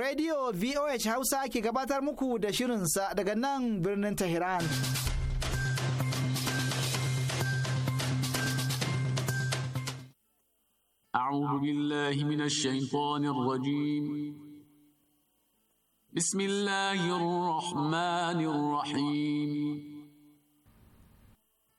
Radiyo VOH Hausa ki gabatar muku da shirin sa daga nan birnin Tehran. A'a wajen yi gilashin da na shiga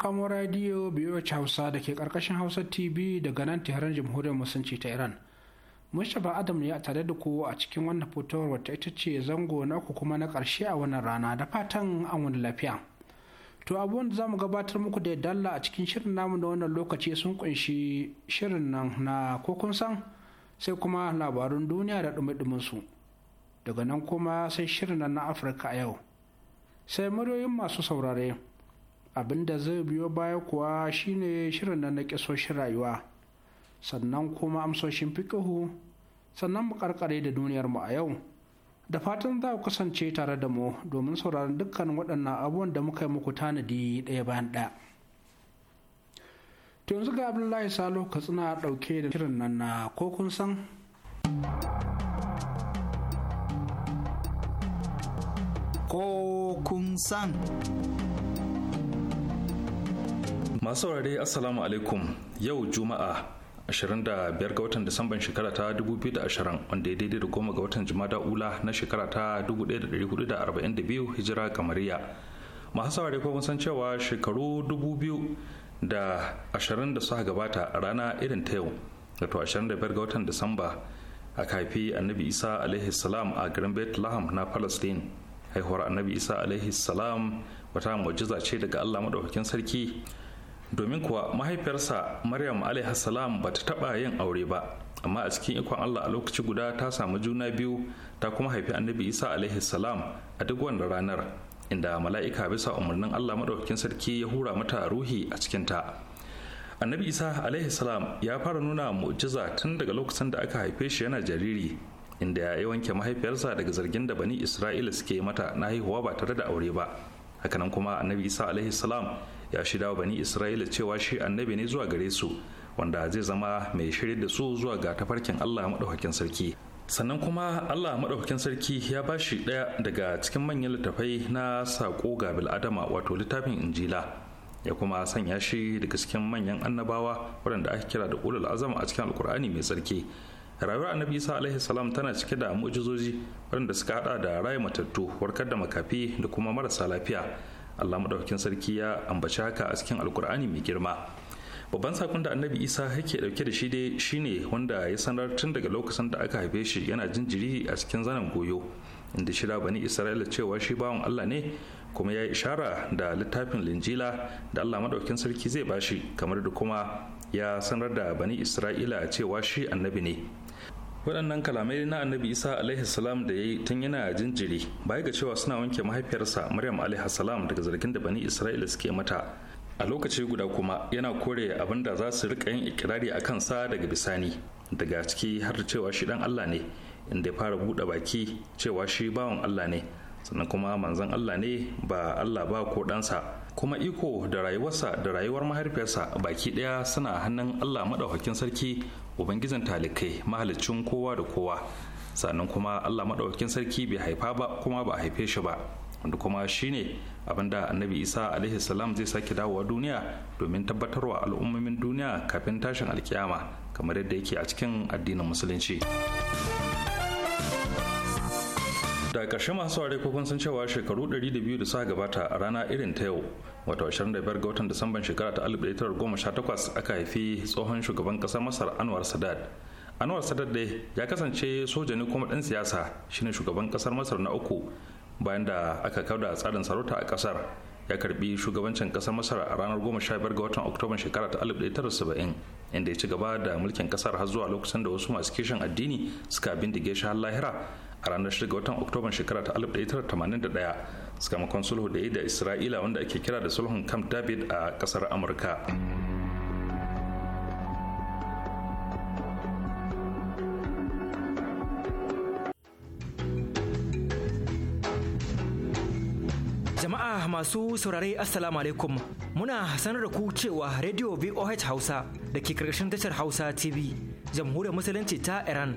kamo radio BOH Hausa da ke karkashin Hausa TV daga nan tiharan Jamhuriyar Musulunci ta Iran. Mustapha Adam ne a tare da ku a cikin wannan fitowar wata ita ce zango na ku kuma na karshe a wannan rana da fatan an wani lafiya. To abubuwan da zamu gabatar muku da dalla a cikin shirin namu na wannan lokaci sun kunshi shirin nan na ko san sai kuma labarun duniya da dumi su. Daga nan kuma sai shirin nan na Afirka a yau. Sai muryoyin masu saurare. abin da zai biyo baya kuwa shine shirin na na kisoshin rayuwa sannan kuma amsoshin fikihu sannan mu karkare da duniyar mu a yau da fatan za ku kasance tare da mu domin sauraron dukkan waɗannan abubuwan da muka yi muku tanadi ɗaya bayan ɗaya to yanzu ga abdullahi salo tsina ɗauke da shirin nan na ko kun san ko kun san masu saurare assalamu alaikum yau juma'a 25 ga watan disamban shekara ta 2020 wanda ya daidai da goma ga watan jumada ula na shekara ta 1442 hijira kamariya masu saurare kuma san cewa shekaru 2020 da suka gabata a rana irin ta yau wato 25 ga watan disamba a kafi annabi isa alaihi salam a garin bethlehem na palestine haihuwar annabi isa alaihi salam wata mu'jiza ce daga allah maɗaukakin sarki domin kuwa mahaifiyarsa maryam salam ba ta taɓa yin aure ba amma a cikin ikon allah a lokaci guda ta samu juna biyu ta kuma haifi annabi isa salam a duk wanda ranar inda mala'ika bisa umarnin allah maɗaukakin sarki ya hura mata ruhi a cikinta annabi isa salam ya fara nuna mu'jiza tun daga lokacin da aka haife shi yana jariri inda ya wanke mahaifiyarsa daga zargin da bani isra'ila suke mata na haihuwa ba tare da aure ba hakanan kuma annabi isa salam ya shida bani isra'ila cewa shi annabi ne zuwa gare su wanda zai zama mai shirya da su zuwa ga tafarkin allah maɗaukakin sarki sannan kuma allah maɗaukakin sarki ya ba shi ɗaya daga cikin manyan littafai na sako ga bil'adama wato littafin injila ya kuma sanya shi daga cikin manyan annabawa waɗanda ake kira da ulul azama a cikin alkur'ani mai tsarki rayuwar annabi isa alaihi salam tana cike da mu'jizoji waɗanda suka haɗa da rayu matattu warkar da makafi da kuma marasa lafiya allah Maɗaukin sarki ya ambaci haka a cikin alkur'ani mai girma babban sakon da annabi isa yake dauke da shi dai shine wanda ya sanar tun daga lokacin da aka haife shi yana jin jiri a cikin zanen goyo inda shira bani isra'ila cewa shi bawan allah ne kuma ya yi ishara da littafin linjila da allah maɗaukin sarki zai bashi kamar da kuma ya sanar da bani isra'ila cewa shi annabi ne waɗannan kalamai na annabi isa alaihi salam da ya yi tun yana jinjiri baya ga cewa suna wanke mahaifiyarsa maryam alaihi salam daga zargin da bani isra'ila suke mata a lokaci guda kuma yana kore abin da za su rika yin ikirari a kansa daga bisani daga ciki har da cewa shi dan allah ne inda ya fara buɗe baki cewa shi bawan allah ne sannan kuma manzon allah ne ba allah ba ko ɗansa kuma iko da rayuwarsa da rayuwar mahaifiyarsa baki ɗaya suna hannun allah maɗaukakin sarki ubangijin talikai mahalicin kowa da kowa sannan kuma allah maɗaukakin sarki bai haifa ba kuma ba a haife shi ba wanda kuma shine abin da annabi isa alaihi zai sake dawowa duniya domin tabbatarwa al'ummomin duniya kafin tashin alkiyama kamar yadda yake a cikin addinin musulunci da ƙarshe masu ware kukun san cewa shekaru 200 da suka gabata a rana irin ta yau wato 25 ga watan disamban shekara ta 1918 aka haifi tsohon shugaban kasa masar anwar sadat anwar sadat dai ya kasance soja ne kuma dan siyasa shine shugaban kasar masar na uku bayan da aka kauda tsarin sarauta a kasar ya karbi shugabancin kasar masar a ranar 15 ga watan oktoban shekara ta 1970 inda ya ci gaba da mulkin kasar har zuwa lokacin da wasu masu kishin addini suka bindige shi har lahira a ranar 6 ga watan oktoban shekara ta 1981 sakamakon sulhu da yi da isra'ila wanda ake kira da sulhun camp david a kasar amurka jama'a masu saurare assalamu alaikum muna sanar da ku cewa radio voh hausa da ke karkashin tashar hausa tv jamhuriyar musulunci ta iran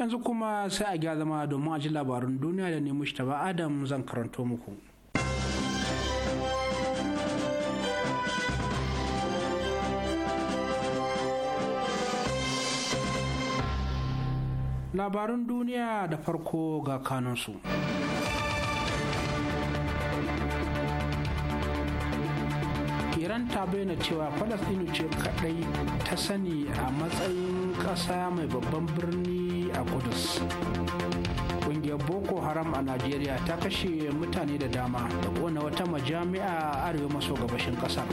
yanzu kuma sai a gya zama domin a ji labarin duniya da ne mushtaba adam zan karanto muku labarin duniya da farko ga kanunsu iran ta bayyana cewa falastinu ce kadai ta sani a matsayin ƙasa mai babban birni a Kudus. Ƙungiyar Boko Haram a Najeriya ta kashe mutane da dama da kona wata majami'a arewa maso gabashin ƙasar.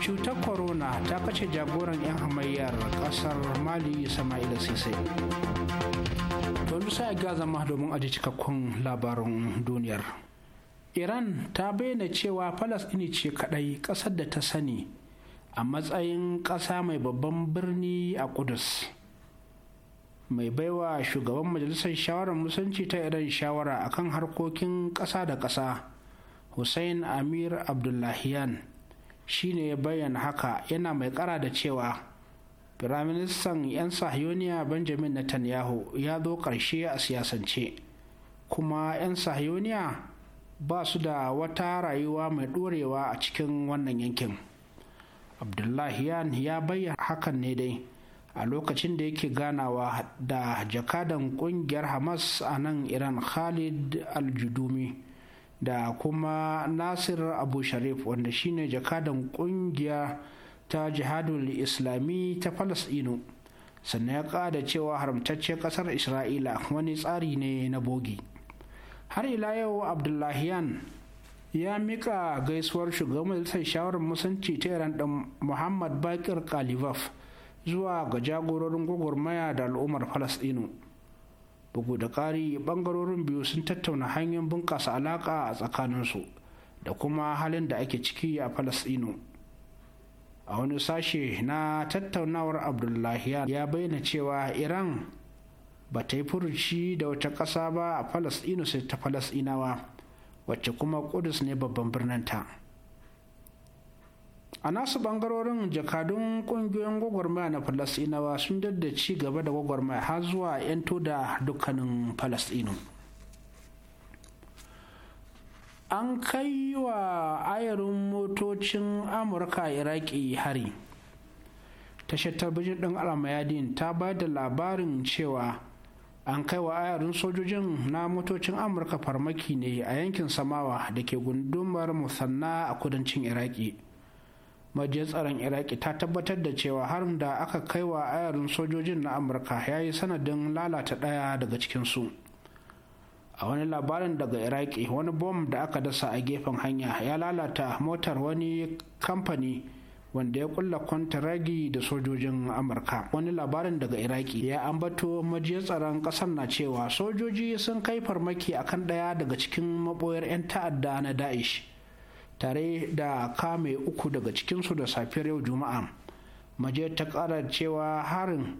Cutar corona ta kashe jagoran 'yan hamayyar ƙasar Mali Sama'ila Sise. Tolu sai ga zama domin aji cikakkun labarin duniyar. Iran ta bayyana cewa Falasɗini ce kaɗai ƙasar da ta sani a matsayin ƙasa mai babban birni a Kudus. mai baiwa shugaban majalisar shawarar musanci ta irin shawara akan harkokin ƙasa da ƙasa hussein amir abdullahiyan shine ya bayyana haka yana mai ƙara da cewa firaministan 'yan sahiyoniya benjamin netanyahu ya zo ƙarshe a siyasance kuma 'yan sahiyoniya ba su da wata rayuwa mai ɗorewa a cikin wannan yankin abdullahiyan ya bayyana hakan ne dai a lokacin da yake ganawa da jakadan kungiyar hamas a nan iran khalid aljudumi da kuma nasir abu sharif wanda shine jakadan kungiya ta jihadul islami ta Falasɗinu, sannan ya kada cewa haramtacce kasar isra'ila wani tsari ne na bogi har ila yau abdullahiyan ya mika gaisuwar shugaban majalisar shawarar musanci ta iran ɗin muhammad bakir kalibaf zuwa ga jagororin gwagwarmaya da al'ummar falasɗinu bugu da ƙari ɓangarorin biyu sun tattauna hanyar bunƙasa alaƙa a tsakaninsu da kuma halin da ake ciki a falasɗinu a wani sashe na tattaunawar Abdullahi. ya bayyana cewa iran ba ta yi furuci da wata ƙasa ba a falasɗinu sai ta falasɗinawa wacce kuma ƙudus ne babban birnin ta a nasu bangarorin jakadun kungiyoyin gwagwarmaya na falasinawa sun dadda ci gaba da gwagwarmaya har zuwa 'yanto da dukkanin falasinu an kai wa ayarin motocin amurka a iraki hari tashar talbijin ɗin alamayadin ta ba da labarin cewa an kai wa ayarin sojojin na motocin amurka farmaki ne a yankin samawa da ke gundumar musanna a kudancin iraki majiyar tsaron iraki ta tabbatar da cewa harin da aka kai wa ayarin sojojin na amurka ya yi sanadin lalata ɗaya daga cikinsu a wani labarin daga iraki wani bom da aka dasa a gefen hanya ya lalata motar wani kamfani wanda ya kulla kwantaragi da sojojin amurka wani labarin daga iraki ya ambato majiyar tsaron kasar na cewa sojoji sun kai farmaki akan ɗaya daga cikin maboyar 'yan ta'adda na daesh tare da kame uku daga cikinsu da safiyar yau juma'a maje ta kara cewa harin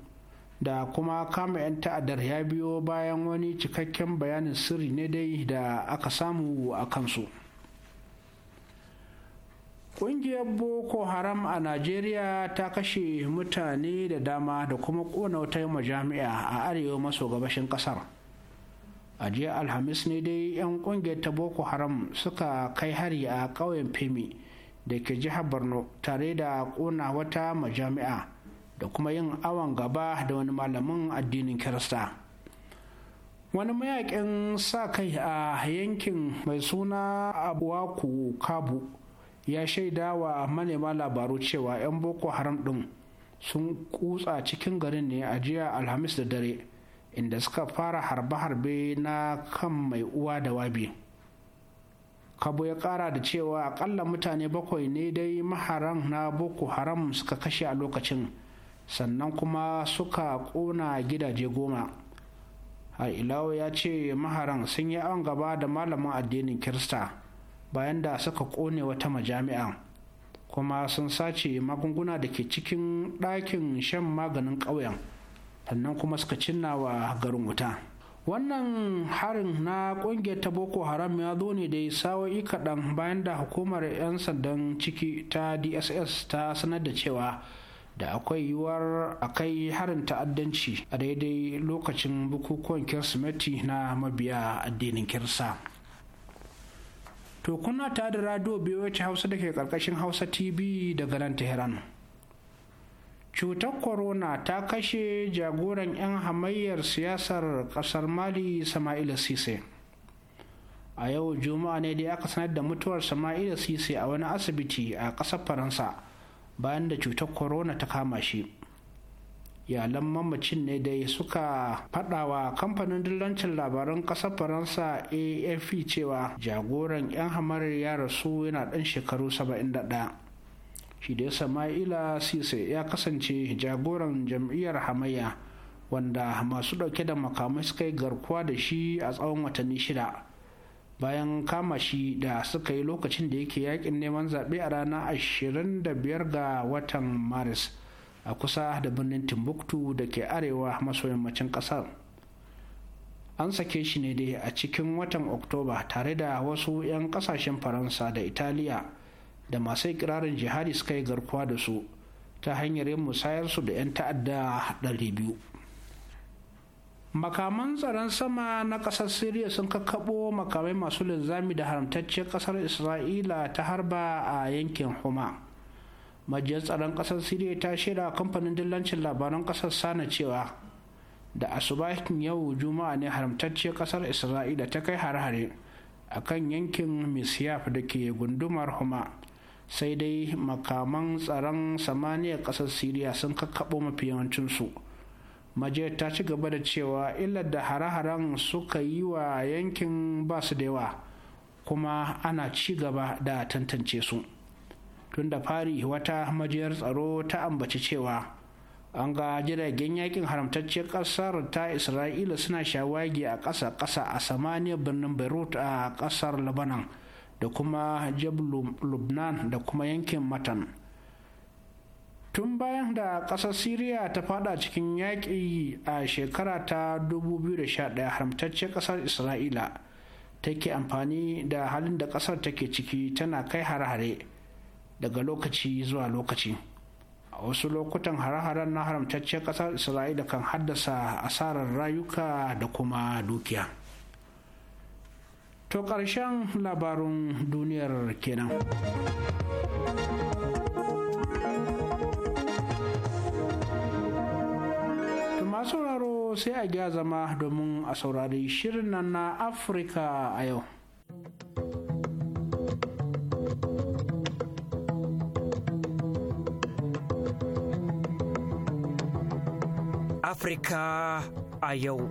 da kuma kama 'yan ta'addar ya biyo bayan wani cikakken bayanin sirri ne dai da aka samu a kansu ƙungiyar boko haram a najeriya ta kashe mutane da dama da kuma ƙona wata majami'a a arewa maso gabashin ƙasar a jiya alhamis ne dai 'yan kungiyar ta boko haram suka kai hari a ƙauyen femi da ke jihar borno tare da ƙona wata majami'a da kuma yin awon gaba da wani malamin addinin kirista wani mayakin sa kai a yankin mai suna abuwaku kabu ya shaida wa manema labaru cewa 'yan boko haram ɗin sun kutsa cikin garin ne a jiya alhamis da dare inda suka fara harbe-harbe na kan mai uwa da wabi kabo ya kara da cewa akalla mutane bakwai ne dai maharan na boko haram suka kashe a lokacin sannan kuma suka kona gidaje goma a ilawo ya ce maharan sun yi awon gaba da malamin addinin kirista bayan da suka kone wata majami'a kuma sun sace magunguna da ke cikin ɗakin shan maganin ƙauyen sannan kuma suka cinna wa garin wuta wannan harin na kungiyar ta boko haram ya zo ne da ya sawo'i kaɗan bayan da hukumar 'yan sandan ciki ta dss ta sanar da cewa da akwai yiwuwar akai harin ta'addanci a daidai lokacin bukukuwan kirsimeti na mabiya addinin kirsa to kuna ta da radio biyu hausa da ke karkashin hausa tv daga nan tehran cutar corona ta kashe jagoran 'yan hamayyar siyasar kasar mali sama'ila sise a yau juma'a ne dai aka sanar da mutuwar sama'ila sise a wani asibiti a kasar faransa bayan da cutar corona ta kama shi iyalan mamacin ne dai suka fadawa kamfanin dillancin labaran kasar faransa afp cewa jagoran 'yan hamayyar ya rasu yana ɗan shekaru 71 hide sama'ila sise ya kasance jagoran jam'iyyar hamayya wanda masu ɗauke da makamai suka yi garkuwa da shi a tsawon watanni shida bayan kama shi da suka yi lokacin da yake yakin neman zaɓe a ranar 25 ga watan maris a kusa da birnin timbuktu da ke arewa maso yammacin ƙasar an sake shi ne dai a cikin watan oktoba tare da wasu 'yan ƙasashen faransa da italiya da masu ikirarin jihadi suka yi garkuwa da su ta hanyar yin musayarsu da 'yan ta'adda biyu. makaman tsaron sama na ƙasar siriya sun kakkaɓo makamai masu linzami da haramtacciyar ƙasar isra'ila ta harba a yankin huma majiyar tsaron ƙasar siriya ta shaida kamfanin dillancin labaran ƙasar sana cewa da asubahin yau juma'a ne haramtacce kasar isra'ila ta kai hare-hare a kan yankin misyaf da ke gundumar huma sai dai makaman tsaron samaniya ƙasar siriya sun kakkaɓo mafi yawancinsu maje ta ci gaba da cewa illar da hare-haren suka yi wa yankin ba su da yawa kuma ana ci gaba da tantance su tun da fari wata majiyar tsaro ta ambaci cewa an ga jiragen yakin haramtacce kasar ta isra'ila suna shawagi a ƙasa-ƙasa a samaniyar birnin beirut a ƙasar lebanon da kuma jab lubnan da kuma yankin matan tun bayan da ƙasar syria ta fada cikin yaƙi a shekara ta 2011 haramtacce ƙasar isra'ila take amfani da halin da ƙasar take ciki tana kai hare-hare daga lokaci zuwa lokaci a wasu lokutan hare-haren na haramtacce ƙasar isra'ila kan haddasa asarar rayuka da kuma dukiya. to ƙarshen labarun duniyar kenan sauraro sai a gya zama domin a saurari shirin nan na afirka a yau Afirka a yau.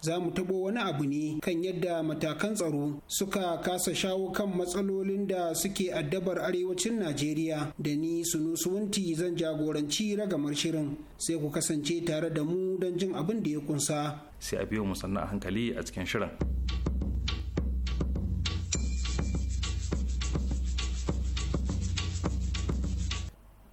za mu taɓo wani abu ne kan yadda matakan tsaro suka kasa shawo kan matsalolin da suke addabar arewacin Najeriya da ni sunusuwanti zan jagoranci ragamar shirin sai ku kasance tare da mu don jin abin da ya kunsa. Sai a biyo mu hankali a cikin shirin.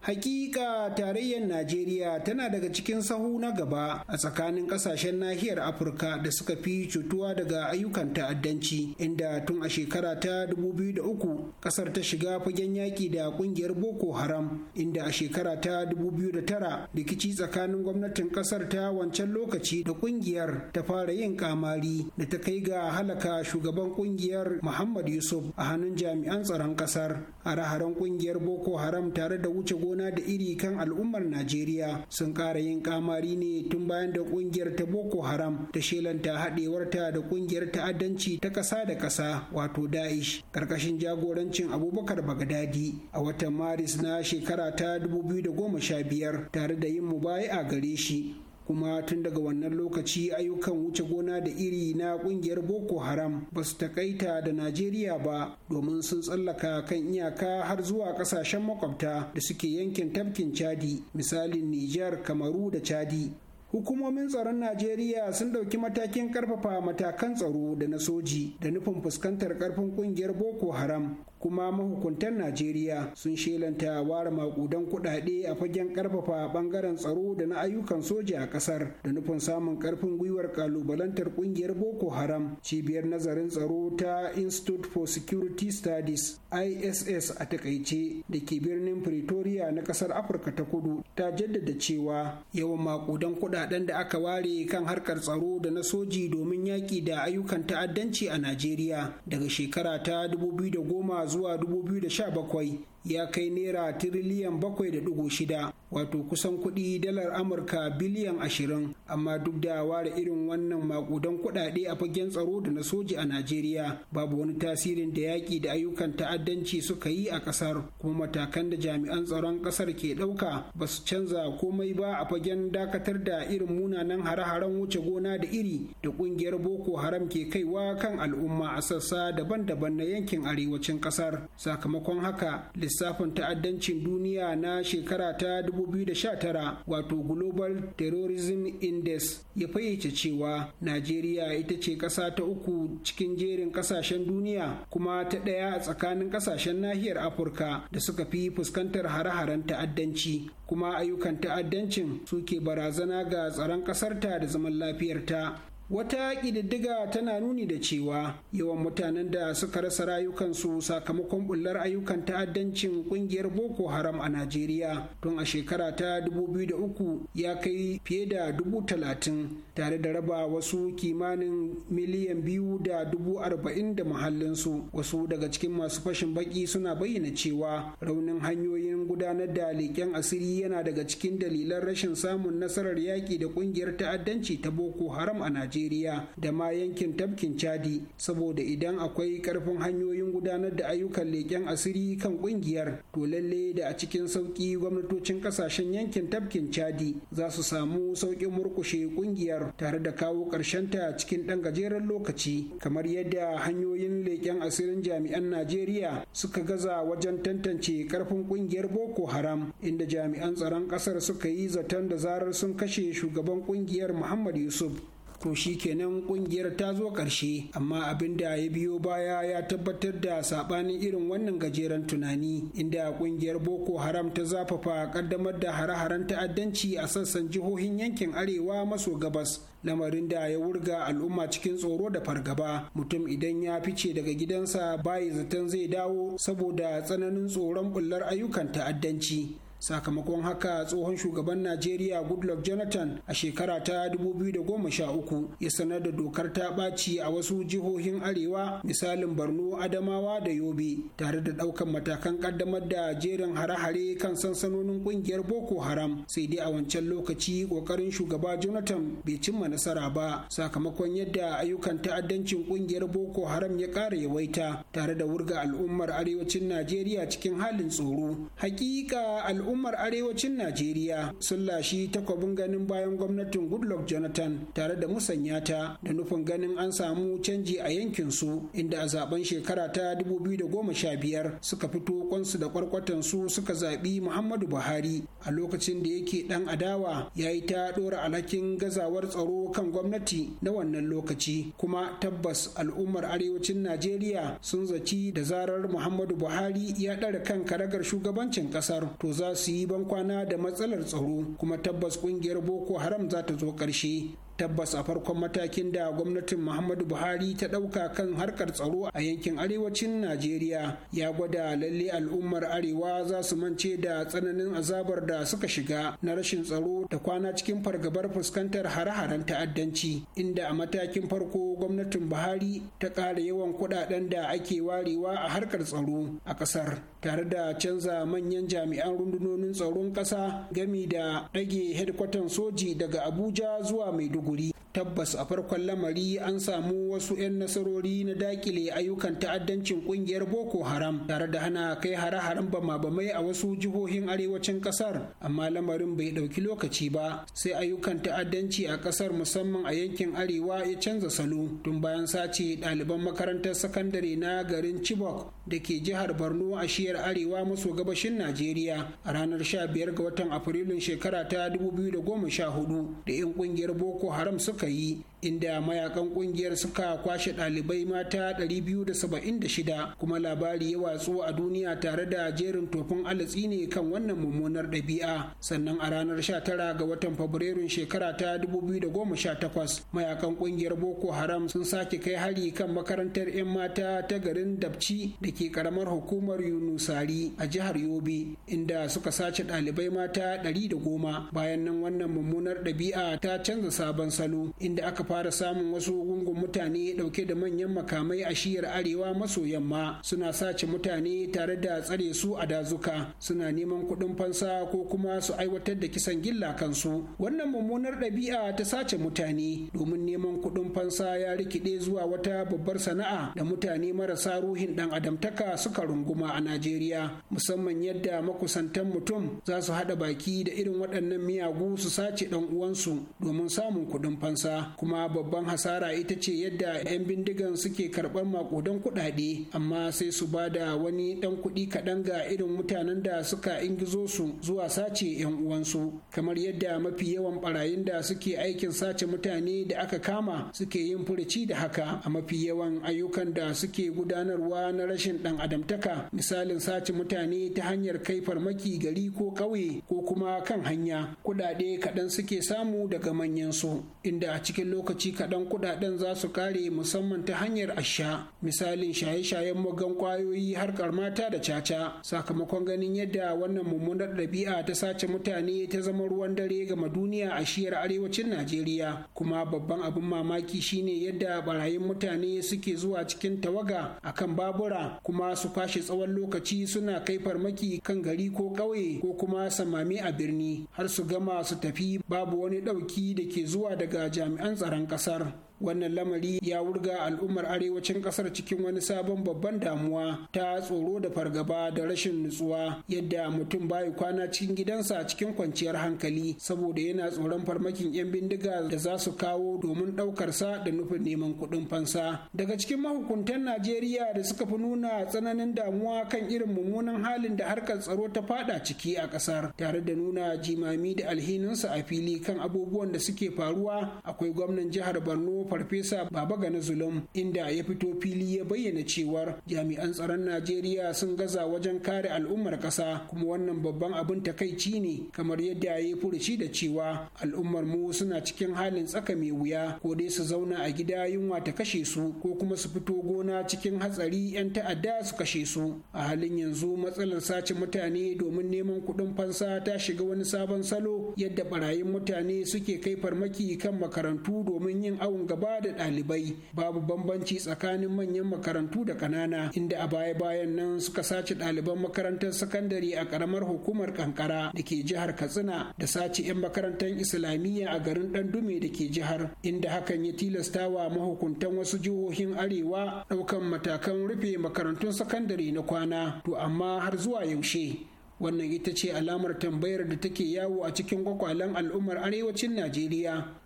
hakika tarayyar najeriya tana daga cikin sahu na gaba a tsakanin kasashen nahiyar afirka da suka fi cutuwa daga ayyukan ta'addanci inda tun a shekara ta 2003 kasar ta shiga fagen yaƙi da ƙungiyar boko haram inda a shekara ta 2009 rikici tsakanin gwamnatin kasar ta wancan lokaci da ƙungiyar ta fara yin kamari da ta kai ga halaka shugaban ƙungiyar muhammad yusuf a hannun jami'an tsaron kasar a raharan ƙungiyar boko haram tare da wuce gona gona da iri kan al'ummar najeriya sun ƙara yin kamari ne tun bayan da ƙungiyar ta boko haram ta shelanta haɗewarta da ƙungiyar ta'addanci ta ƙasa da ƙasa wato da'ish ƙarƙashin jagorancin abubakar bagdadi a watan maris na shekara ta 2015 tare da yin a gare shi kuma tun daga wannan lokaci ayyukan wuce gona da iri na kungiyar boko haram ba su takaita da najeriya ba domin sun tsallaka kan iyaka har zuwa kasashen makwabta da suke yankin tafkin chadi misalin Niger, kamaru da chadi hukumomin tsaron najeriya sun ɗauki matakin ƙarfafa matakan tsaro da na soji da nufin fuskantar ƙarfin ƙungiyar boko haram kuma mahukuntan najeriya sun shelanta ware makudan kuɗaɗe a fagen ƙarfafa ɓangaren tsaro da na ayyukan soja a ƙasar da nufin samun ƙarfin gwiwar ƙalubalantar ƙungiyar boko haram cibiyar nazarin tsaro ta institute for security studies iss a takaice da ke birnin pretoria na ƙasar afirka ta kudu ta jaddada cewa yawan makudan kuɗaɗen da aka ware kan harkar tsaro da na soji domin yaƙi da ayyukan ta'addanci a najeriya daga shekara ta 2010 zuwa 2017 ya kai naira tiriliyan bakwai da dugu shida wato kusan kuɗi dalar amurka biliyan ashirin), amma duk da ware irin wannan makudan kuɗaɗe a fagen tsaro da na soji a najeriya babu wani tasirin da yaƙi da ayyukan ta'addanci suka yi a ƙasar kuma matakan da jami'an tsaron ƙasar ke ɗauka ba su canza komai ba a fagen dakatar da irin munanan hare-haren wuce gona da iri da ƙungiyar boko haram ke kaiwa kan al'umma a sassa daban-daban na yankin arewacin ƙasar sakamakon haka lissafin ta'addancin duniya na shekara ta 2019 wato global terrorism index ya fayyace cewa najeriya ita ce ƙasa ta uku cikin jerin ƙasashen duniya kuma ta ɗaya a tsakanin ƙasashen nahiyar afirka da suka fi fuskantar hare-haren ta'addanci kuma ayyukan ta'addancin suke barazana ga tsaron ƙasarta da zaman lafiyarta Wata ƙididdiga tana nuni da cewa yawan mutanen da suka rasa rayukansu sakamakon bullar ayyukan ta'addancin ƙungiyar Boko Haram a Najeriya tun a shekara ta 2003 ya kai fiye da dubu talatin tare da raba wasu kimanin miliyan biyu da dubu arba'in da muhallinsu wasu daga cikin masu fashin baki suna bayyana cewa raunin hanyoyin gudanar da leƙen asiri yana daga cikin dalilan rashin samun nasarar yaƙi da ƙungiyar ta'addanci ta Boko Haram a Najeriya. najeriya da ma yankin tafkin chadi saboda idan akwai karfin hanyoyin gudanar da ayyukan leƙen asiri kan kungiyar to lalle da a cikin sauƙi gwamnatocin kasashen yankin tafkin chadi za su samu sauƙin murkushe kungiyar tare da kawo ta cikin ɗan gajeren lokaci kamar yadda hanyoyin leƙen asirin jami'an najeriya suka gaza wajen tantance karfin kungiyar boko haram inda jami'an tsaron ƙasar suka yi zaton da zarar sun kashe shugaban kungiyar muhammad yusuf to kenan kungiyar ta zo ƙarshe amma abin da ya biyo baya ya tabbatar da sabanin irin wannan gajeren tunani inda kungiyar boko haram ta zafafa kaddamar da hare-haren ta'addanci a sassan jihohin yankin arewa maso gabas lamarin da ya wurga al'umma cikin tsoro da fargaba mutum idan ya fice daga gidansa bayi zaton zai dawo saboda tsananin tsoron bullar ayyukan ta'addanci sakamakon haka tsohon shugaban najeriya goodluck jonathan a shekara ta 2013 ya sanar da dokar ta ɓaci a wasu jihohin arewa misalin borno adamawa da yobe tare da ɗaukar matakan ƙaddamar da jerin hare-hare kan sansanonin ƙungiyar boko haram sai dai a wancan lokaci ƙoƙarin shugaba jonathan bai cimma nasara ba sakamakon yadda ayyukan ta'addancin ƙungiyar boko haram ya ƙara yawaita tare da wurga al'ummar arewacin najeriya cikin halin tsoro hakika al'ummar al'ummar arewacin najeriya sun lashi takwabin ganin bayan gwamnatin goodluck jonathan tare da musanyata da nufin ganin an samu canji a yankin su inda a zaben shekara ta 2015 suka fito kwansu da kwarkwatan su suka zaɓi muhammadu buhari a lokacin da yake dan adawa ya yi ta ɗora alhakin gazawar tsaro kan gwamnati na wannan lokaci kuma tabbas al'ummar arewacin najeriya sun zaci da zarar muhammadu buhari ya ɗara kan karagar shugabancin ƙasar to za su su yi kwana da matsalar tsaro kuma tabbas kungiyar boko haram za ta zo ƙarshe tabbas a farkon matakin da gwamnatin muhammadu buhari ta ɗauka kan harkar tsaro a yankin arewacin najeriya ya gwada lalle al'ummar arewa za su mance da tsananin azabar da suka shiga na rashin tsaro da kwana cikin fargabar fuskantar hare-haren ta'addanci inda a matakin farko gwamnatin buhari ta ƙara yawan kuɗaɗen da ake warewa a harkar tsaro a ƙasar tare da canza manyan jami'an rundunonin tsaron ƙasa gami da ɗage hedkwatan soji daga abuja zuwa maiduguri guri tabbas a farkon lamari an samu wasu 'yan nasarori na dakile ayyukan ta'addancin kungiyar boko haram tare da hana kai hare-haren bama-bamai a wasu jihohin arewacin kasar amma lamarin bai ɗauki lokaci ba sai ayyukan ta'addanci a kasar musamman a yankin arewa ya canza salo tun bayan sace ɗaliban makarantar sakandare na garin chibok da ke jihar borno a shiyar arewa maso gabashin najeriya a ranar 15 ga watan afrilun shekara ta 2014 da 'yan kungiyar boko haram suka yi inda mayakan kungiyar suka kwashe ɗalibai mata 276 kuma labari ya watsu a duniya tare da jerin tofin alatsi ne kan wannan mummunar ɗabi'a sannan a ranar 19 ga watan fabrairun shekara ta 2018 mayakan kungiyar boko haram sun sake kai hari kan makarantar 'yan mata ta garin dabci da ke karamar hukumar yunusari a jihar yobe inda suka sace ɗalibai mata 110 bayan nan wannan mummunar ɗabi'a ta canza sabon salo inda aka fara samun wasu gungun mutane dauke da manyan makamai a shiyar arewa maso yamma suna sace mutane tare da tsare su a dazuka suna neman kuɗin fansa ko kuma su aiwatar da kisan gilla kansu wannan mummunar ɗabi'a ta sace mutane domin neman kuɗin fansa ya rikide zuwa wata babbar sana'a da mutane marasa ruhin ɗan adamtaka suka runguma a najeriya musamman yadda makusantan mutum za su haɗa baki da irin waɗannan miyagu su sace ɗan uwansu domin samun kuɗin fansa kuma kuma babban hasara ita ce yadda 'yan bindigan suke karɓar makudan kuɗaɗe amma sai su ba da wani ɗan kuɗi kaɗan ga irin mutanen da suka ingizo su zuwa sace 'yan uwansu kamar yadda mafi yawan barayin da suke aikin sace mutane da aka kama suke yin furuci da haka a mafi yawan ayyukan da suke gudanarwa na rashin ɗan adamtaka misalin sace mutane ta hanyar kai farmaki gari ko ƙauye ko kuma kan hanya kuɗaɗe kaɗan suke samu daga manyansu. inda a cikin lokacin lokaci kaɗan kudaden za su kare musamman ta hanyar asha misalin shaye-shayen magan kwayoyi harkar mata da caca sakamakon ganin yadda wannan mummunar ɗabi'a ta sace mutane ta zama ruwan dare gama duniya a shiyar arewacin najeriya kuma babban abin mamaki shine yadda barayin mutane suke zuwa cikin tawaga akan babura kuma su kwashe tsawon lokaci suna kai farmaki kan gari ko ƙauye ko kuma samami a birni har su gama su tafi babu wani ɗauki da ke zuwa daga jami'an tsaro en casar. wannan lamari ya wurga al'ummar arewacin kasar cikin wani sabon babban damuwa ta tsoro da fargaba da rashin nutsuwa yadda mutum bayu kwana cikin gidansa cikin kwanciyar hankali saboda yana tsoron farmakin 'yan bindiga da za su kawo domin ɗaukarsa da nufin neman kuɗin fansa daga cikin mahukuntan najeriya da suka fi nuna tsananin damuwa kan irin mummunan halin da harkar tsaro ta fada ciki a ƙasar tare da nuna jimami da alhininsa a fili kan abubuwan da suke faruwa akwai gwamnan jihar borno farfesa baba gani zulum inda ya fito fili ya bayyana cewar jami'an tsaron najeriya sun gaza wajen kare al'ummar ƙasa kuma wannan babban abin takaici ne kamar yadda ya furuci da cewa al'ummar mu suna cikin halin tsaka mai wuya ko dai su zauna a gida yunwa ta kashe su ko kuma su fito gona cikin hatsari 'yan ta'adda su kashe su a halin yanzu matsalar sace mutane domin neman kuɗin fansa ta shiga wani sabon salo yadda barayin mutane suke kai farmaki kan makarantu domin yin awon gaba da ɗalibai babu bambanci tsakanin manyan makarantu da ƙanana inda a baya-bayan nan suka sace ɗaliban makarantar sakandare a ƙaramar hukumar kankara da ke jihar katsina da sace 'yan makarantar islamiyya a garin dume da ke jihar inda hakan ya tilasta wa mahukuntan wasu jihohin arewa ɗaukan matakan rufe makarantun sakandare na kwana to amma har zuwa yaushe wannan ita ce alamar tambayar da take yawo a cikin kwakwalen al'ummar arewacin najeriya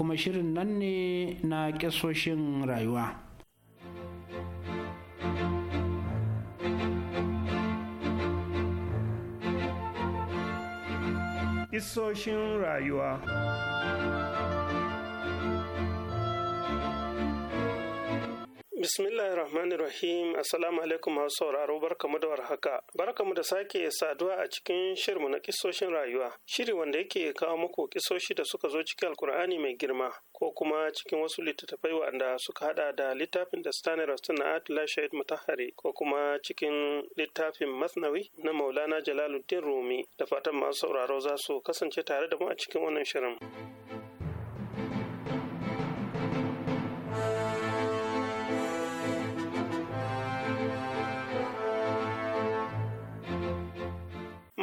kuma shirin nan ne na ƙasoshin rayuwa. Isoshin rayuwa Bismillahir Rahmanir Rahim. Assalamu alaikum masu sauraro barkamu da warhaka. Barkamu da sake saduwa a cikin shirmu na kisoshin rayuwa. Shiri wanda yake kawo muku kisoshi da suka zo cikin Alkur'ani mai girma ko kuma cikin wasu littattafai wanda suka hada da littafin da Stanley Rustin na Atula Shahid Mutahari ko kuma cikin littafin Masnawi na Maulana Jalaluddin Rumi da fatan masu sauraro za su kasance tare da mu a cikin wannan shirin.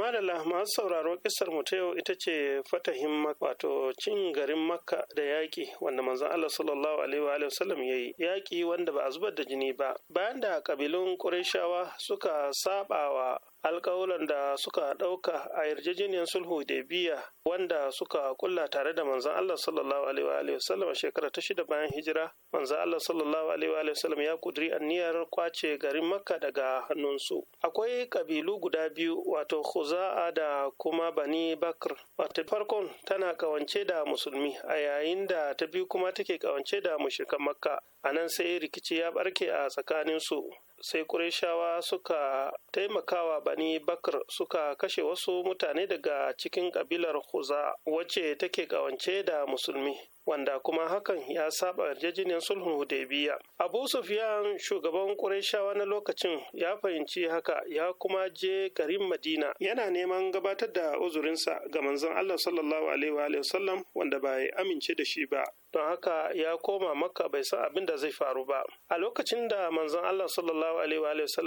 madalla masu sauraro kisar mu ta yau ita ce fatahin makka wato cin garin makka da yaƙi wanda manzon allah sallallahu alaihi wa sallam ya yi yaƙi wanda ba a zubar da jini ba bayan da kabilun Qurayshawa suka saɓawa alkawulan da suka ɗauka a yarjejeniyar sulhu biya wanda suka kulla tare da manzan Allah sallallahu alaihi wa sallam shekara ta shida bayan hijira manzan Allah sallallahu alaihi wa sallam ya kuduri aniyar kwace garin Makka daga hannunsu akwai kabilu guda biyu wato Khuzan za'a da kuma bani bakr wata farkon tana kawance da musulmi a yayin da ta biyu kuma take kawance da mushrikan makka a nan sai rikici ya barke a tsakaninsu sai Qurayshawa suka taimakawa Bani Bakar suka kashe wasu mutane daga cikin kabilar huza wacce take ƙawance da musulmi. wanda kuma hakan ya saba yarjejeniyar sulhun hudaybiya abu sufyan shugaban ƙurashawa na lokacin ya fahimci haka ya kuma je garin madina yana neman gabatar da uzurinsa ga manzon allah sallallahu alaihi wa sallam wanda bai amince da shi ba don haka ya koma makka bai san abin da zai faru ba a lokacin da manzon allah sallallahu alaihi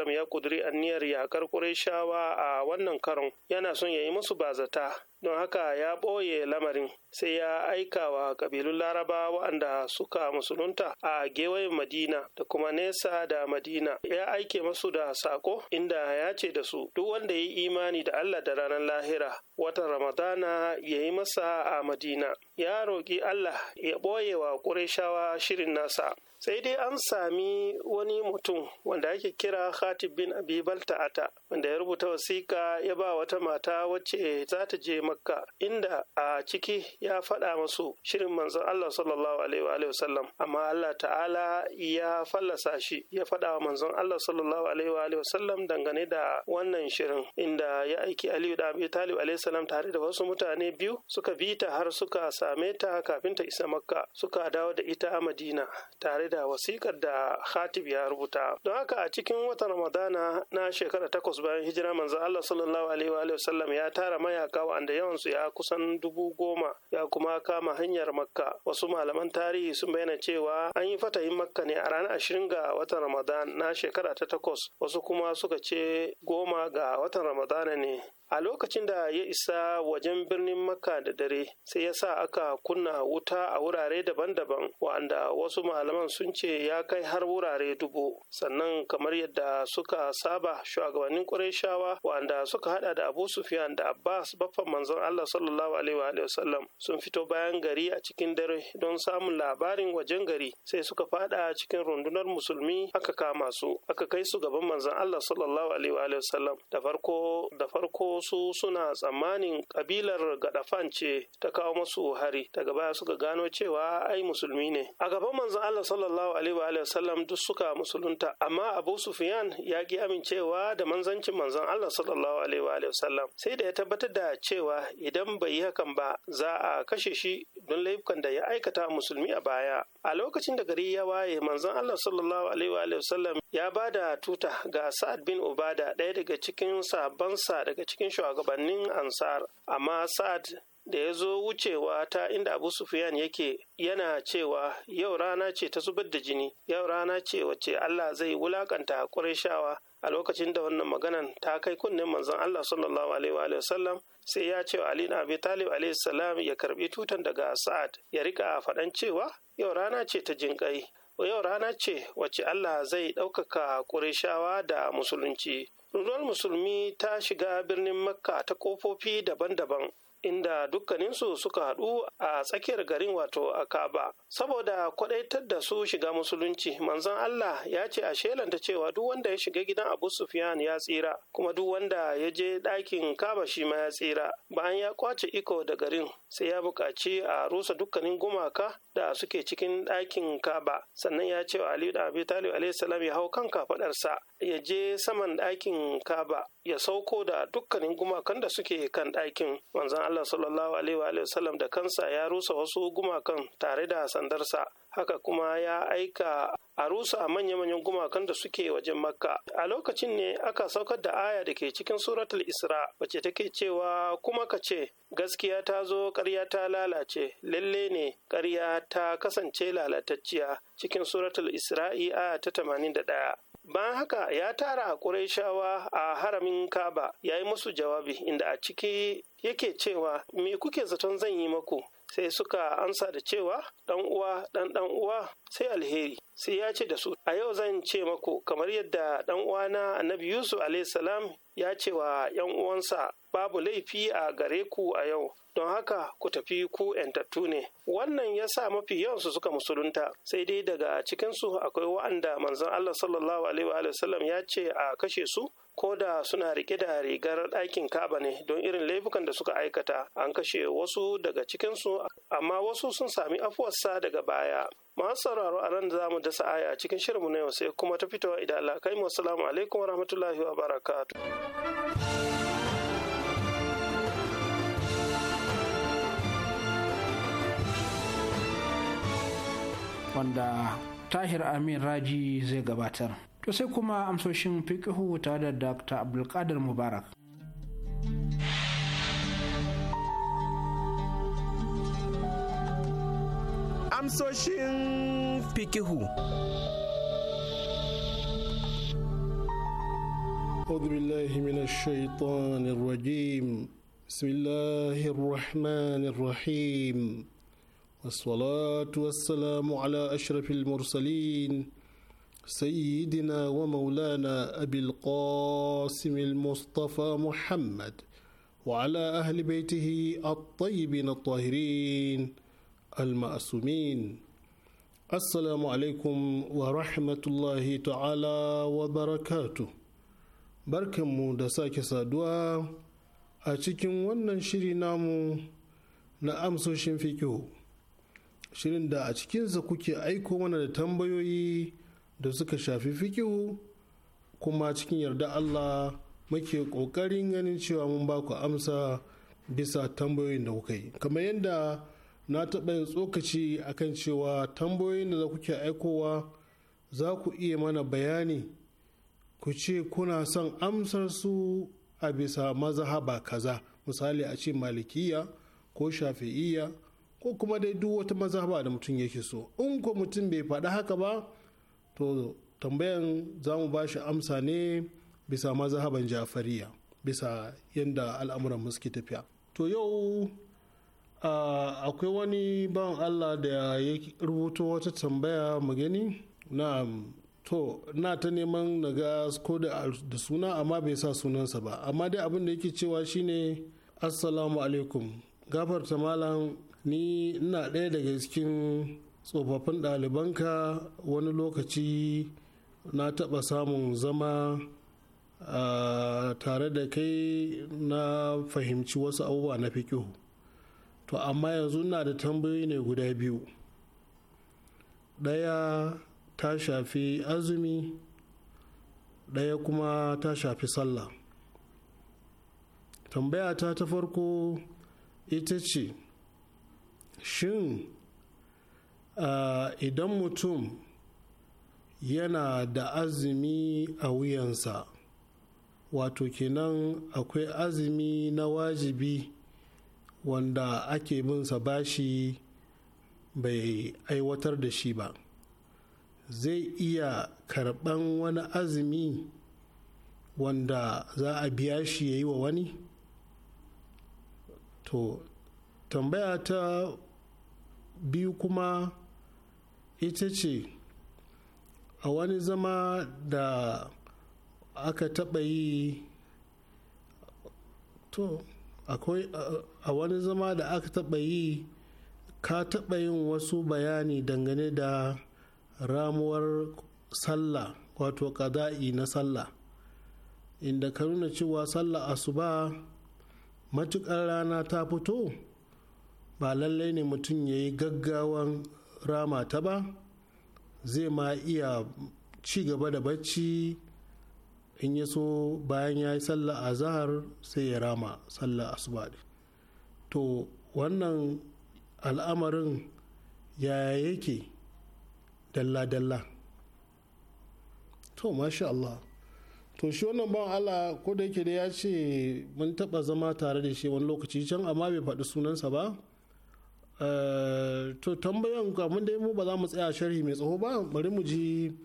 wa ya kuduri anniyar yakar shawa a wannan karon yana son ya yi musu bazata don haka ya ɓoye lamarin sai ya aika wa kabilun laraba waɗanda suka musulunta a gewayen madina da kuma nesa da madina ya aike masu da sako inda ya ce da su duk wanda ya yi imani da allah da ranar lahira watan ramadana ya yi masa a madina ya roƙi allah ya ɓoye wa ƙureshawa shirin nasa sai dai an sami wani mutum wanda ake kira khatib bin abi balta'ata wanda ya rubuta wasiƙa ya ba wata mata wacce za ta je makka inda a ciki ya faɗa masu shirin manzon allah sallallahu alaihi wa sallam amma allah ta'ala ya fallasa shi ya faɗa wa manzon allah sallallahu alaihi wa sallam dangane da wannan shirin inda ya aiki aliyu da abi talib alaihi salam tare da wasu mutane biyu suka bi ta har suka same ta kafin ta isa makka suka dawo da ita madina tare da wasikar da Khatib ya rubuta. Don haka a cikin watan Ramadana na shekara takwas bayan hijira manzo Allah sallallahu alaihi wa sallam ya tara mayaka wanda su ya kusan dubu goma ya kuma kama hanyar Makka. Wasu malaman tarihi sun bayyana cewa an yi fatahin Makka ne a ranar ashirin ga watan Ramadan na shekara ta takwas wasu kuma suka ce goma ga watan Ramadana ne. a lokacin da ya isa wajen birnin makka da dare sai ya sa aka kunna wuta a wurare daban-daban wa'anda wasu malaman sun ce ya kai har wurare dubu sannan kamar yadda suka saba shugabannin ƙurayshawa wanda suka hada da abu sufyan da abbas baffan manzon allah sallallahu alaihi wa sallam sun fito bayan gari a cikin dare don samun labarin wajen gari sai suka fada cikin rundunar musulmi aka kama su aka kai su gaban manzon allah sallallahu alaihi wa sallam da farko da farko Wasu suna tsammanin kabilar gadafan ce ta kawo masu hari daga baya suka gano cewa ai musulmi ne a gaban manzon Allah sallallahu alaihi wa sallam duk suka musulunta amma Abu Sufyan ya ki amincewa da manzancin manzon Allah sallallahu alaihi wa sallam sai da ya tabbatar da cewa idan bai yi hakan ba za a kashe shi don laifukan da ya aikata musulmi a baya a lokacin da gari ya waye manzon Allah sallallahu alaihi wa sallam ya bada tuta ga Sa'ad bin Ubada ɗaya daga cikin sabansa daga cikin cikin shugabannin ansar amma sa'ad da ya zo wucewa ta inda abu sufiyan yake yana cewa yau rana ce ta zubar da jini yau rana ce wacce allah zai wulakanta ƙurashawa a lokacin da wannan maganan ta kai kunnen manzon allah sallallahu alaihi wa sallam sai ya ce ali na abi talib alaihi salam ya karbi tutan daga sa'ad ya rika faɗan cewa yau rana ce ta jinƙai yau rana ce wace allah zai ɗaukaka ƙurashawa da musulunci rundunar musulmi ta shiga birnin makka ta kofofi daban-daban inda dukkaninsu suka haɗu a tsakiyar garin wato a akaba saboda kwadaitar da su shiga musulunci manzon Allah ya ce a shelanta cewa duk wanda ya shiga gidan Abu Sufyan ya tsira kuma duk wanda ya je ɗakin kaba shi ma ya tsira bayan ya kwace iko da garin sai ya buƙaci a rusa dukkanin gumaka da suke cikin ɗakin kaba sannan ya ce wa Aliyu da Abi Talib ya hau kan kafaɗarsa ya je saman ɗakin kaba ya sauko da dukkanin gumakan da suke kan ɗakin manzon Allah sallallahu alaihi wa da kansa ya rusa wasu gumakan tare da sandarsa haka kuma ya aika a rusa manya-manyan gumakan da suke wajen makka a lokacin ne aka saukar da aya da ke cikin suratul isra wacce take cewa kuma ka ce gaskiya ta zo ƙarya ta lalace lalle ne ƙarya ta kasance lalatacciya cikin suratul isra'i aya ta 81 bayan haka ya tara ƙurayshawa a haramin kaba ya yi musu jawabi inda a ciki yake cewa me kuke zaton zan yi mako sai suka amsa da cewa dan uwa dan dan uwa sai alheri sai ya ce da su a yau zan ce mako kamar yadda dan na annabi yusuf salam ya ce wa ‘yan uwansa babu laifi a gare ku a yau don haka ku tafi ku ‘yantattu ne wannan ya sa mafi yawansu suka musulunta sai dai daga cikinsu akwai wa'anda manzon Allah sallallahu alaihi wa ya ce a kashe su ko da suna rike da rigar ɗakin kaba ne don irin laifukan da suka aikata an kashe wasu daga cikinsu amma wasu sun sami afuwarsa daga baya masu sauraro a nan za mu dasa aya a cikin shirinmu na yau sai kuma ta fitowa idan Allah kai mu assalamu alaikum wa rahmatullahi wa barakatuh wanda tahir amin raji zai gabatar to sai kuma amsoshin fiqhu tare da dr abdulkadir mubarak amsoshin fikihu أعوذ بالله من الشيطان الرجيم بسم الله الرحمن الرحيم والصلاة والسلام على أشرف المرسلين سيدنا ومولانا أبي القاسم المصطفى محمد وعلى أهل بيته الطيبين الطاهرين assalamu alaikum wa rahmatullahi ta'ala wa barakatu. barkanmu da sake saduwa a cikin wannan shiri namu na amsoshin fikihu shirin da a cikinsa kuke aiko mana da tambayoyi da suka shafi fikihu kuma cikin yarda Allah muke ƙoƙarin ganin cewa mun ba ku amsa bisa tambayoyin da kuka yi kamar yadda na taɓa yin tsokaci a kan cewa tambayoyin da za ku kuke aikowa za ku iya mana bayani ku ce kuna son amsar su a bisa mazahaba kaza misali a ce malikiya ko shafi'iya ko kuma dai duk wata mazahaba da mutum yake so in ko mutum bai faɗi haka ba to tambayan za mu ba shi amsa ne bisa mazhaban jafariya bisa yadda al'amuran suke tafiya to yau akwai wani ban allah da ya rubuto wata tambaya mu gani na to na ta neman na ga ko da suna amma bai sa sunansa ba amma dai abin da yake cewa shine assalamu alaikum gafarta malam ni na ɗaya daga cikin tsofaffin ɗalibanka wani lokaci na taɓa samun zama tare da kai na fahimci wasu abubuwa na fikihu to amma yanzu na da tambayoyi ne guda biyu ɗaya ta shafi azumi ɗaya kuma ta shafi sallah tambaya ta ta farko ita ce shin idan mutum yana da azumi a wuyansa wato kenan akwai azumi na wajibi wanda ake binsa bashi bai aiwatar da shi ba zai iya karɓan wani azumi wanda za a biya shi ya yi wa wani to tambaya ta biyu kuma ita ce a wani zama da aka taɓa yi to akwai a wani zama da aka taɓa yi ka taɓa yin wasu bayani dangane da ramuwar sallah wato ƙada'i na sallah inda ka nuna cewa sallah asuba matuƙar rana ta fito ba lallai ne mutum ya yi gaggawan rama ta ba zai ma iya ci gaba da bacci in ya so bayan ya yi sallah a zahar sai ya rama sallah asuba to wannan al'amarin ya yake dalla-dalla to masha Allah to shi wannan ban Allah ko da yake da ya ce mun taba zama tare da shi wani lokaci can amma bai faɗi sunansa ba eh, to tambayan mun dai mu ba za mu tsaya sharhi mai tsaho ba bari mu ji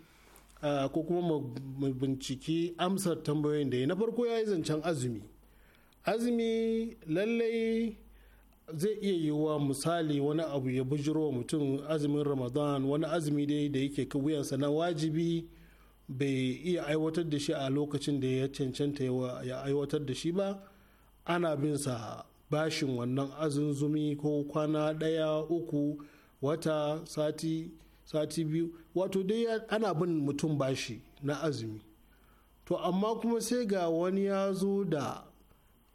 ko kuma mu binciki amsar tambayoyin da ya na farko ya yi zancen azumi azumi lallai zai iya yiwuwa misali wani abu ya bujiro mutum azumin ramadan wani azumi dai da yake wuyansa na wajibi bai iya aiwatar da shi a lokacin da ya cancanta ya aiwatar da shi ba ana bin sa bashin wannan azunzumi ko kwana daya uku wata sati sati biyu wato dai ana bin mutum bashi na azumi to amma kuma sai ga wani ya zo da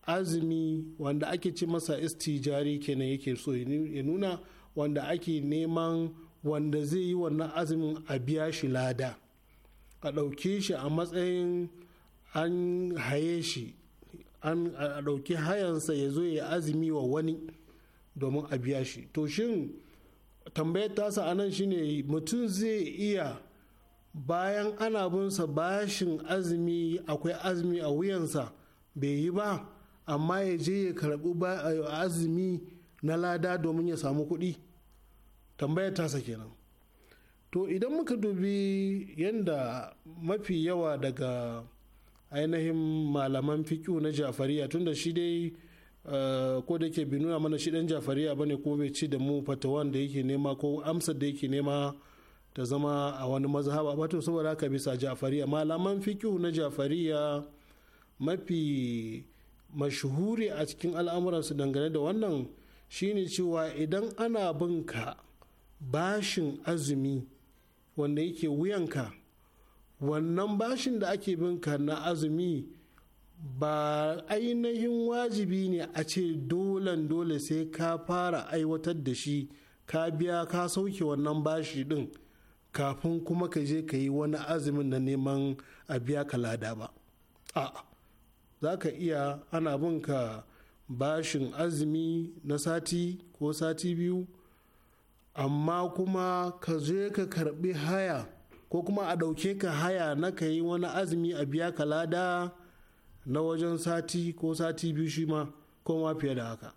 azumi wanda ake ce masa istijari kenan yake so ya nuna wanda ake neman wanda zai yi wannan azumin a biya shi lada a ɗauke shi a matsayin an haye shi an ɗauki hayansa ya zo ya azumi wa wani domin a biya shi to shin tambayar tasa a nan shine mutum zai iya bayan ana binsa bashin azumi akwai azumi a wuyansa bai yi ba amma ya je ya karɓi eh, azumi na lada domin ya samu kuɗi tambayar tasa kenan to idan muka dubi yadda mafi yawa daga ainihin malaman fiƙo na jafariya tunda shi dai Eh, ko da yake nuna mana shi dan jafariya bane ko bai ci da mu fatawan da yake nema ko amsar da yake nema ta zama a wani mazhaba ba to saboda haka bisa jafariya malaman fikihu na jafariya mafi mashhuri a cikin al'amuransu dangane da wannan shine cewa idan ana bin ka bashin azumi wanda yake wuyanka wannan bashin da ake bin na azumi ba ainihin wajibi ne a ce dolan dole sai ka fara aiwatar da shi ka biya ka sauke wannan bashi din kafin kuma ka je ka yi wani azumin na neman a biya ka lada ba a' za ka iya ana bin ka bashin azumi na sati ko sati biyu amma kuma ka je ka karbi haya ko kuma a ɗauke ka haya na ka yi wani azumi a biya ka lada na wajen sati ko sati biyu shi ma ko ma fiye da haka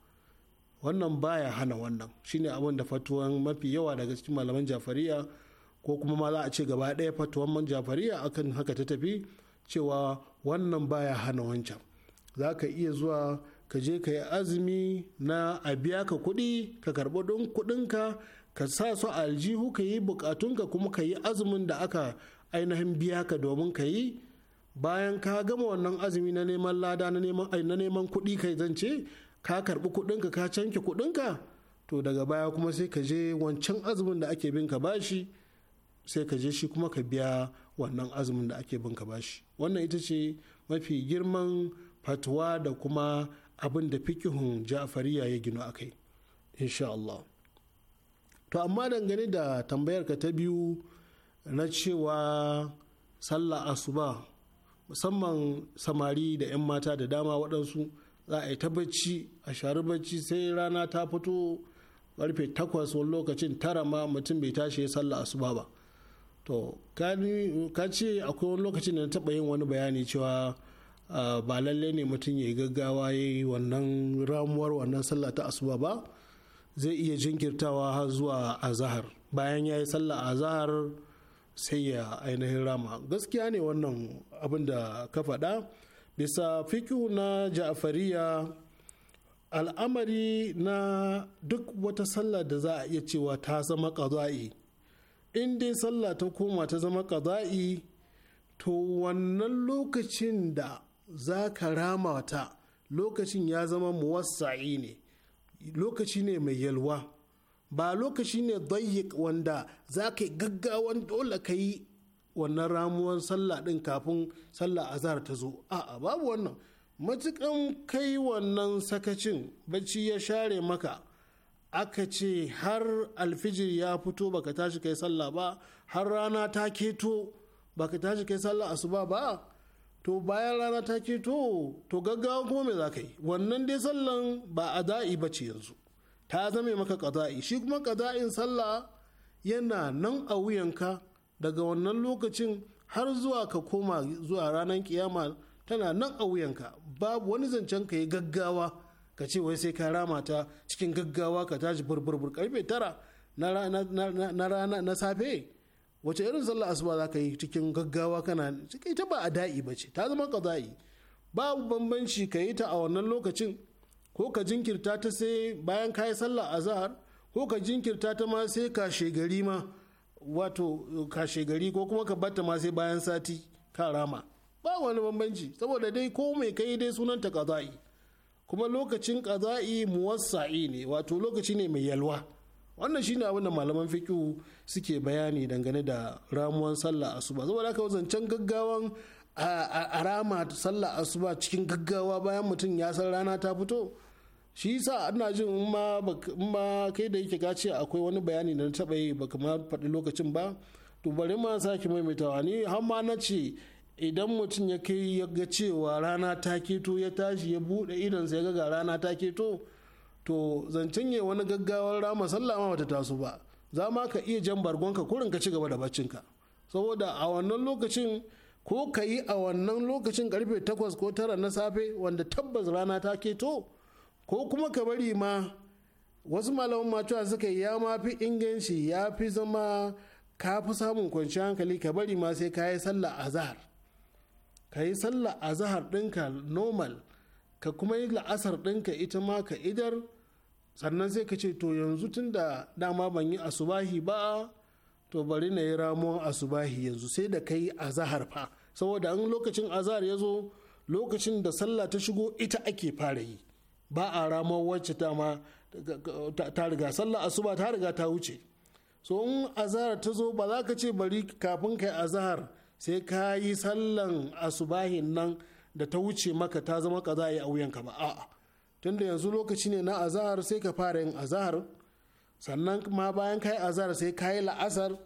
wannan baya hana wannan shine abin da fatuwan mafi yawa daga cikin malaman jafariya ko kuma ma za a ce gaba ɗaya fatuwan man jafariya akan haka ta tafi cewa wannan baya hana wancan za ka iya zuwa ka je ka yi azumi na a biya ka kuɗi ka karɓi ɗin kuɗinka ka sa su aljihu ka yi bukatunka kuma ka yi azumin da aka ainihin biya ka domin ka yi bayan ka gama wannan azumi na neman lada na neman kuɗi kai zance ka karɓi kuɗinka ka canke kuɗinka to daga baya kuma sai ka je wancan azumin da ake bin ka bashi sai ka je shi kuma ka biya wannan azumin da ake bin ka bashi wannan ita ce mafi girman fatuwa da kuma abin da fikihun ja'fariya ya gino akai insha Allah to amma dangane da tambayar ka ta biyu na cewa sallah asuba musamman samari da 'yan mata da dama waɗansu za a yi ta bacci a shari bacci sai rana ta fito karfe takwas wani lokacin tara ma mutum bai tashi ya sallah asuba ba to ka ce akwai wani lokacin da na taɓa yin wani bayani cewa ba lalle ne mutum ya yi gaggawa ya yi wannan ramuwar wannan sallah ta asuba ba zai iya jinkirtawa har zuwa azahar bayan ya yi sallah azahar sai ya ainihin rama gaskiya ne wannan abin da ka faɗa bisa fikihu na ja'afariya al'amari na duk wata sallah da za a iya cewa ta zama ƙaza'i in dai sallah ta koma ta zama ƙaza'i to wannan lokacin da za ka rama ta lokacin ya zama muwassa'i ne lokaci ne mai yalwa ba lokaci ne dayyik wanda za ka yi gaggawan dole ka yi wannan ramuwan sallah din kafin sallah azhar ta zo a'a babu wannan matukan kai wannan sakacin bacci ya share maka aka ce har alfijir ya fito baka tashi kai sallah ba har rana ta keto baka tashi kai sallah asuba ba to bayan rana ta keto to gaggawa kuma me za ka yi wannan dai sallan ba a da'i ba yanzu ta zame maka ƙada'i shi kuma kazain sallah yana nan a wuyanka daga wannan lokacin har zuwa ka koma zuwa ranar kiyama tana nan a wuyanka babu wani zancen ka yi gaggawa ka ce wai sai ka rama ta cikin gaggawa ka tashi burburbur karfe tara na rana na safe wace irin sallah asuba za ka yi cikin gaggawa kana ita ba a da'i ba ce ta zama kazai babu bambanci ka yi ta a wannan lokacin ko ka jinkirta ta sai bayan ka yi sallah azhar ko ka jinkirta ta ma sai ka shegari ma wato ka shegari ko kuma ka batta ma sai bayan sati ka rama ba wani bambanci saboda dai ko mai kai dai sunan ta kaza'i kuma lokacin kaza'i muwassa'i ne wato lokaci ne mai yalwa wannan shine abin da malaman fiqhu suke bayani dangane da ramuwan sallah asuba saboda haka zancen gaggawan a rama sallah asuba cikin gaggawa bayan mutum ya san rana ta fito shi sa ina jin in ma kai da yake gaci akwai wani bayani da na taɓa yi ba kamar faɗi lokacin ba to bari ma sake maimaitawa ni har ma na ce idan mutum ya kai ya ga cewa rana ta keto ya tashi ya buɗe idonsa ya ga rana ta keto to zancen ya wani gaggawar rama sallah ma bata taso ba za ma ka iya jan bargonka kurin ka ci gaba da baccinka saboda a wannan lokacin ko ka yi a wannan lokacin karfe 8 ko tara na safe wanda tabbas rana ta keto ko kuma ka bari ma wasu malaman matuwa cewa suka yi ya ma fi inganci ya fi zama ka fi samun kwanciyar hankali ka bari ma sai ka yi sallah zahar ka yi sallah zahar ɗinka normal ka kuma yi la'asar ɗinka ita ma ka idar sannan sai ka ce to yanzu tun da dama ban yi asubahi ba to bari na yi ramuwan asubahi yanzu sai da ka yi azahar fa saboda in lokacin azahar ya zo lokacin da sallah ta shigo ita ake fara yi ba a ramar wacce ta ma ta riga sallar asuba ta riga ta wuce so in azahar ta zo ba za ka ce bari kafin kai azahar sai ka yi sallan asubahin nan da ta wuce maka ta zama kaza a wuyanka ba a'a tunda yanzu lokaci ne na azahar sai ka fara yin azahar sannan ma bayan ka yi azahar sai ka yi la'asar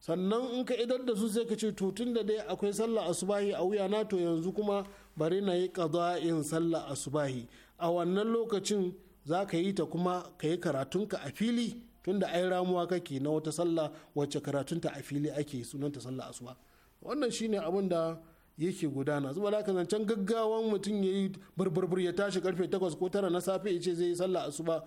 sannan in ka idar da su sai ka ce to tunda dai akwai sallah asubahi a wuyana to yanzu kuma bari na yi kazain sallah asubahi a wannan lokacin za ka yi ta kuma ka yi karatunka a fili tunda ai ramuwa kake na wata sallah wacce karatunta a fili ake sunanta sallah asuba wannan shine abin da yake gudana zuba da zancen gaggawan mutum ya yi burburbur ya tashi karfe 8 ko 9 na safe ya ce zai yi sallah asuba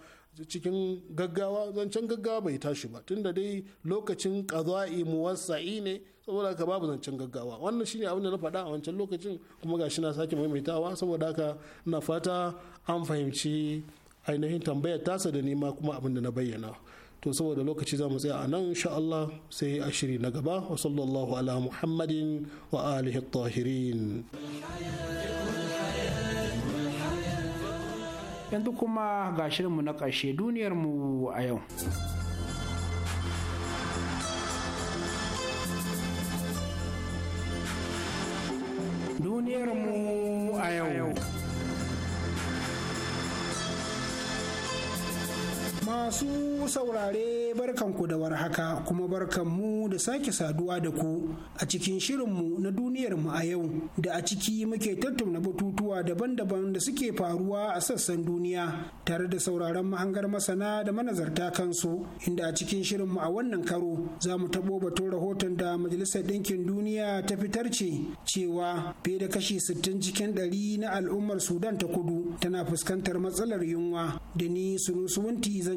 cikin gaggawa zancen gaggawa bai tashi ba tunda dai lokacin qada'i muwassa'i ne saboda haka babu zancen gaggawa wannan shine abin da na faɗa a wancan lokacin kuma gashi na sake maimaitawa saboda haka na fata an fahimci ainihin tambayar tasa da nima kuma abin da na bayyana to saboda lokaci za mu tsaya a nan insha Allah sai a shiri na gaba wa sallallahu ala muhammadin wa alihi tahirin yanzu kuma ga shirinmu na ƙarshe duniyarmu a yau duniyarmu a yau. Masu saurare barkanku da warhaka kuma barkanmu da sake saduwa da ku a cikin shirinmu na duniyarmu a yau da a ciki muke tattauna batutuwa daban-daban da suke faruwa a sassan duniya tare da sauraron mahangar masana da manazarta kansu inda a cikin shirinmu a wannan karo za mu taɓo batun rahoton da Majalisar Ɗinkin Duniya ta fitar ce cewa fiye da kashi sittin cikin ɗari na al'ummar Sudan ta kudu tana fuskantar matsalar yunwa da ni sunusuwanti zan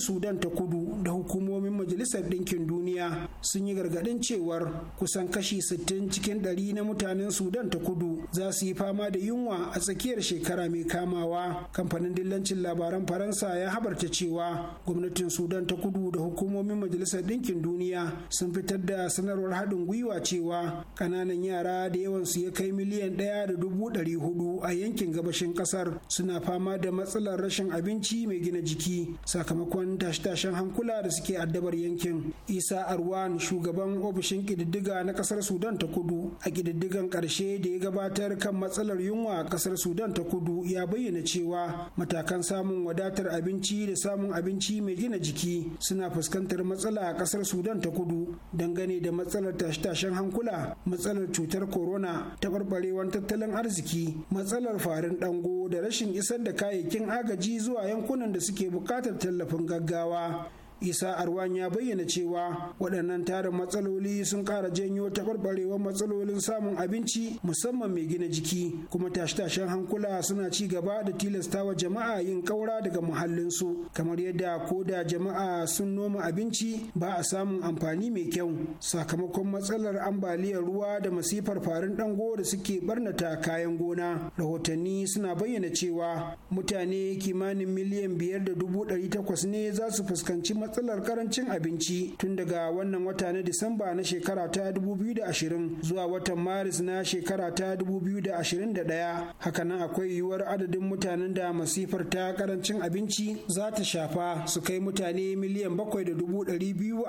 sudan ta kudu da hukumomin majalisar ɗinkin duniya sun yi gargaɗin cewar kusan kashi 60 cikin 100 na mutanen sudan ta kudu za su yi fama da yunwa a tsakiyar shekara mai kamawa kamfanin dillancin labaran faransa ya habarta cewa gwamnatin sudan ta kudu da hukumomin majalisar ɗinkin duniya sun fitar da sanarwar haɗin gwiwa cewa ƙananan yara da yawan su ya kai miliyan ɗaya da dubu ɗari hudu a yankin gabashin ƙasar suna fama da matsalar rashin abinci mai gina jiki sakamakon dukkanin tashe-tashen hankula da suke addabar yankin isa arwan shugaban ofishin kididdiga na ƙasar sudan ta kudu a kididdigan ƙarshe da ya gabatar kan matsalar yunwa a ƙasar sudan ta kudu ya bayyana cewa matakan samun wadatar abinci da samun abinci mai gina jiki suna fuskantar matsala a ƙasar sudan ta kudu dangane da matsalar tashe-tashen hankula matsalar cutar corona taɓarɓarewar tattalin arziki matsalar farin ɗango da rashin isar da kayayyakin agaji zuwa yankunan da suke buƙatar tallafin gaggawa gaggawa isa arwan ya bayyana cewa waɗannan tarin matsaloli sun ƙara janyo taɓarɓarewar matsalolin samun abinci musamman mai gina jiki kuma tashe-tashen hankula suna ci gaba da tilastawa jama'a yin ƙaura daga muhallinsu kamar yadda ko da jama'a sun noma abinci ba a samun amfani mai kyau sakamakon matsalar ambaliyar ruwa da masifar farin ɗango da suke barnata kayan gona rahotanni suna bayyana cewa mutane kimanin miliyan biyar da dubu ɗari takwas ne za su fuskanci matsalar karancin abinci tun daga wannan wata na Disamba na shekara ta 2020 zuwa watan Maris na shekara ta 2021. Hakanan akwai yiwuwar adadin mutanen da masifar ta karancin abinci za ta shafa su kai mutane miliyan bakwai da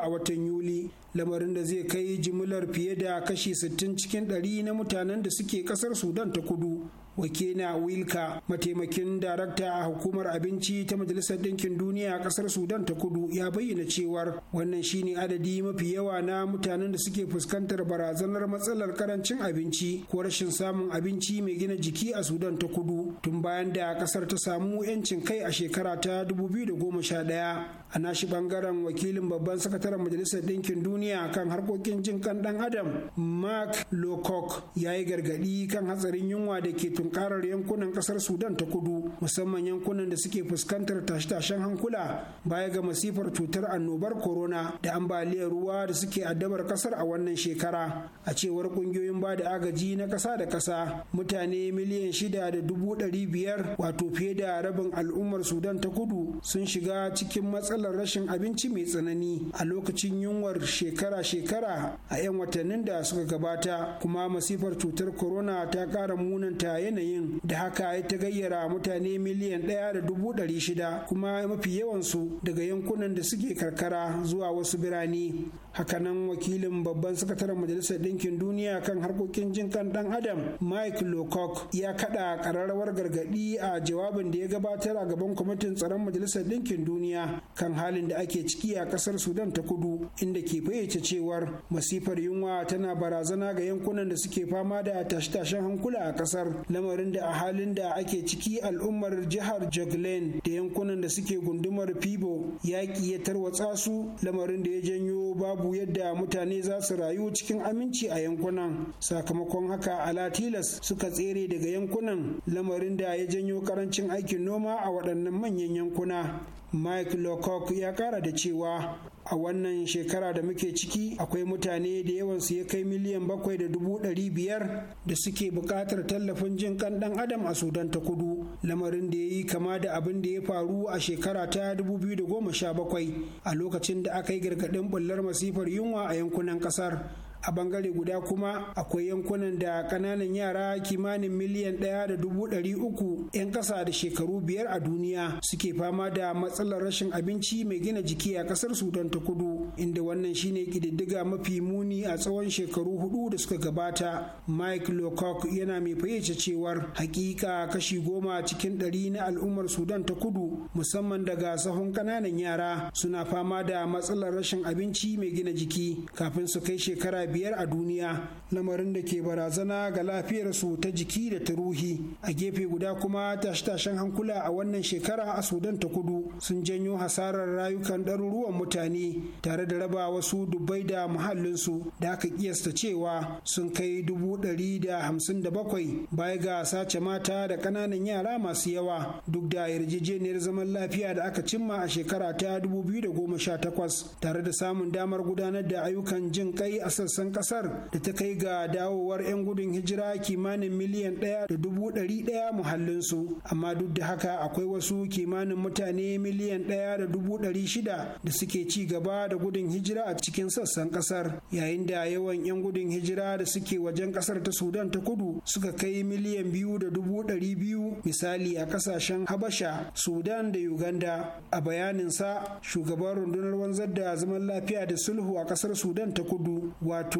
a watan Yuli. lamarin da zai kai jimilar fiye da kashi 60 cikin 100 na mutanen da suke kasar sudan ta kudu wakena wilka mataimakin darakta a hukumar abinci ta majalisar Dinkin duniya a ƙasar sudan ta kudu ya bayyana cewar wannan shine adadi mafi yawa na mutanen da suke fuskantar barazanar matsalar karancin abinci ko rashin samun abinci mai gina jiki a sudan ta kudu tun bayan da ƙasar ta samu 'yancin kai a shekara ta 2011 a nashi bangaren wakilin babban sakataren majalisar Dinkin duniya kan harkokin jin kan ɗan adam mark lowcock ya yi gargaɗi kan hatsarin yunwa da ke tunkarar yankunan kasar sudan ta kudu musamman yankunan da suke fuskantar tashe-tashen hankula baya ga masifar cutar annobar corona da ambaliyar ruwa da suke addabar kasar a wannan shekara a cewar kungiyoyin ba da agaji na kasa da kasa mutane miliyan shida da dubu ɗari biyar wato fiye da rabin al'ummar sudan ta kudu sun shiga cikin matsalar rashin abinci mai tsanani a lokacin yunwar shekara-shekara a 'yan watannin da suka gabata kuma masifar cutar corona ta ƙara munanta yanayin da haka ya ta gayyara mutane miliyan ɗaya da dubu ɗari shida kuma mafi yawansu daga yankunan da suke karkara zuwa wasu birane hakanan wakilin babban sakataren majalisar ɗinkin duniya kan harkokin jinkan ɗan adam mike lowcock ya kaɗa ƙararrawar gargaɗi a jawabin da ya gabatar a gaban kwamitin tsaron majalisar ɗinkin duniya kan halin da ake ciki a ƙasar sudan ta kudu inda ke fayyace cewar masifar yunwa tana barazana ga yankunan da suke fama da tashe-tashen hankula a ƙasar lamarin da a halin da ake ciki al'ummar jihar jogland da yankunan da suke gundumar fibo yaƙi ya tarwatsa su lamarin da ya janyo babu yadda mutane za su rayu cikin aminci a yankunan sakamakon haka Ala alatilas suka tsere daga yankunan lamarin da ya janyo karancin aikin noma a waɗannan manyan yankuna Mike Lowcock ya ƙara da cewa a wannan shekara da muke ciki akwai mutane da yawan su ya kai miliyan bakwai da dubu ɗari biyar da suke buƙatar tallafin jin kan ɗan adam a sudan ta kudu lamarin da ya yi kama da abin da ya faru a shekara ta dubu biyu da goma sha bakwai a lokacin da aka yi gargaɗin bullar masifar yunwa a yankunan ƙasar a bangare guda kuma akwai yankunan da kananan yara kimanin miliyan ɗaya da dubu ɗari uku 'yan ƙasa da shekaru biyar a duniya suke fama da matsalar rashin abinci mai gina jiki a ƙasar sudan ta kudu inda wannan shine ƙididdiga mafi muni a tsawon shekaru hudu da suka gabata mike lokok yana mai fayyace cewar hakika kashi goma cikin ɗari na al'ummar sudan ta kudu musamman daga sahun ƙananan yara suna fama da matsalar rashin abinci mai gina jiki kafin su kai shekara biyar a duniya lamarin da ke barazana ga lafiyarsu ta jiki da ta ruhi a gefe guda kuma tashe-tashen hankula a wannan shekara a sudan ta kudu sun janyo hasarar rayukan ɗaruruwan mutane tare da raba wasu dubbai da muhallinsu da aka kiyasta cewa sun kai dubu ɗari da hamsin da bakwai baya ga sace mata da ƙananan yara masu yawa duk da yarjejeniyar zaman lafiya da aka cimma a shekara ta biyu da goma sha takwas tare da samun damar gudanar da ayyukan jin kai a sassa sassan kasar da ta kai ga dawowar 'yan gudun hijira kimanin miliyan ɗaya da dubu ɗari ɗaya muhallinsu amma duk da haka akwai wasu kimanin mutane miliyan ɗaya da dubu ɗari shida da suke ci gaba da gudun hijira a cikin sassan kasar yayin da yawan 'yan gudun hijira da suke wajen kasar ta sudan ta kudu suka kai miliyan biyu da dubu ɗari biyu misali a kasashen habasha sudan da uganda a bayaninsa shugaban rundunar wanzar da zaman lafiya da sulhu a kasar sudan ta kudu wato wato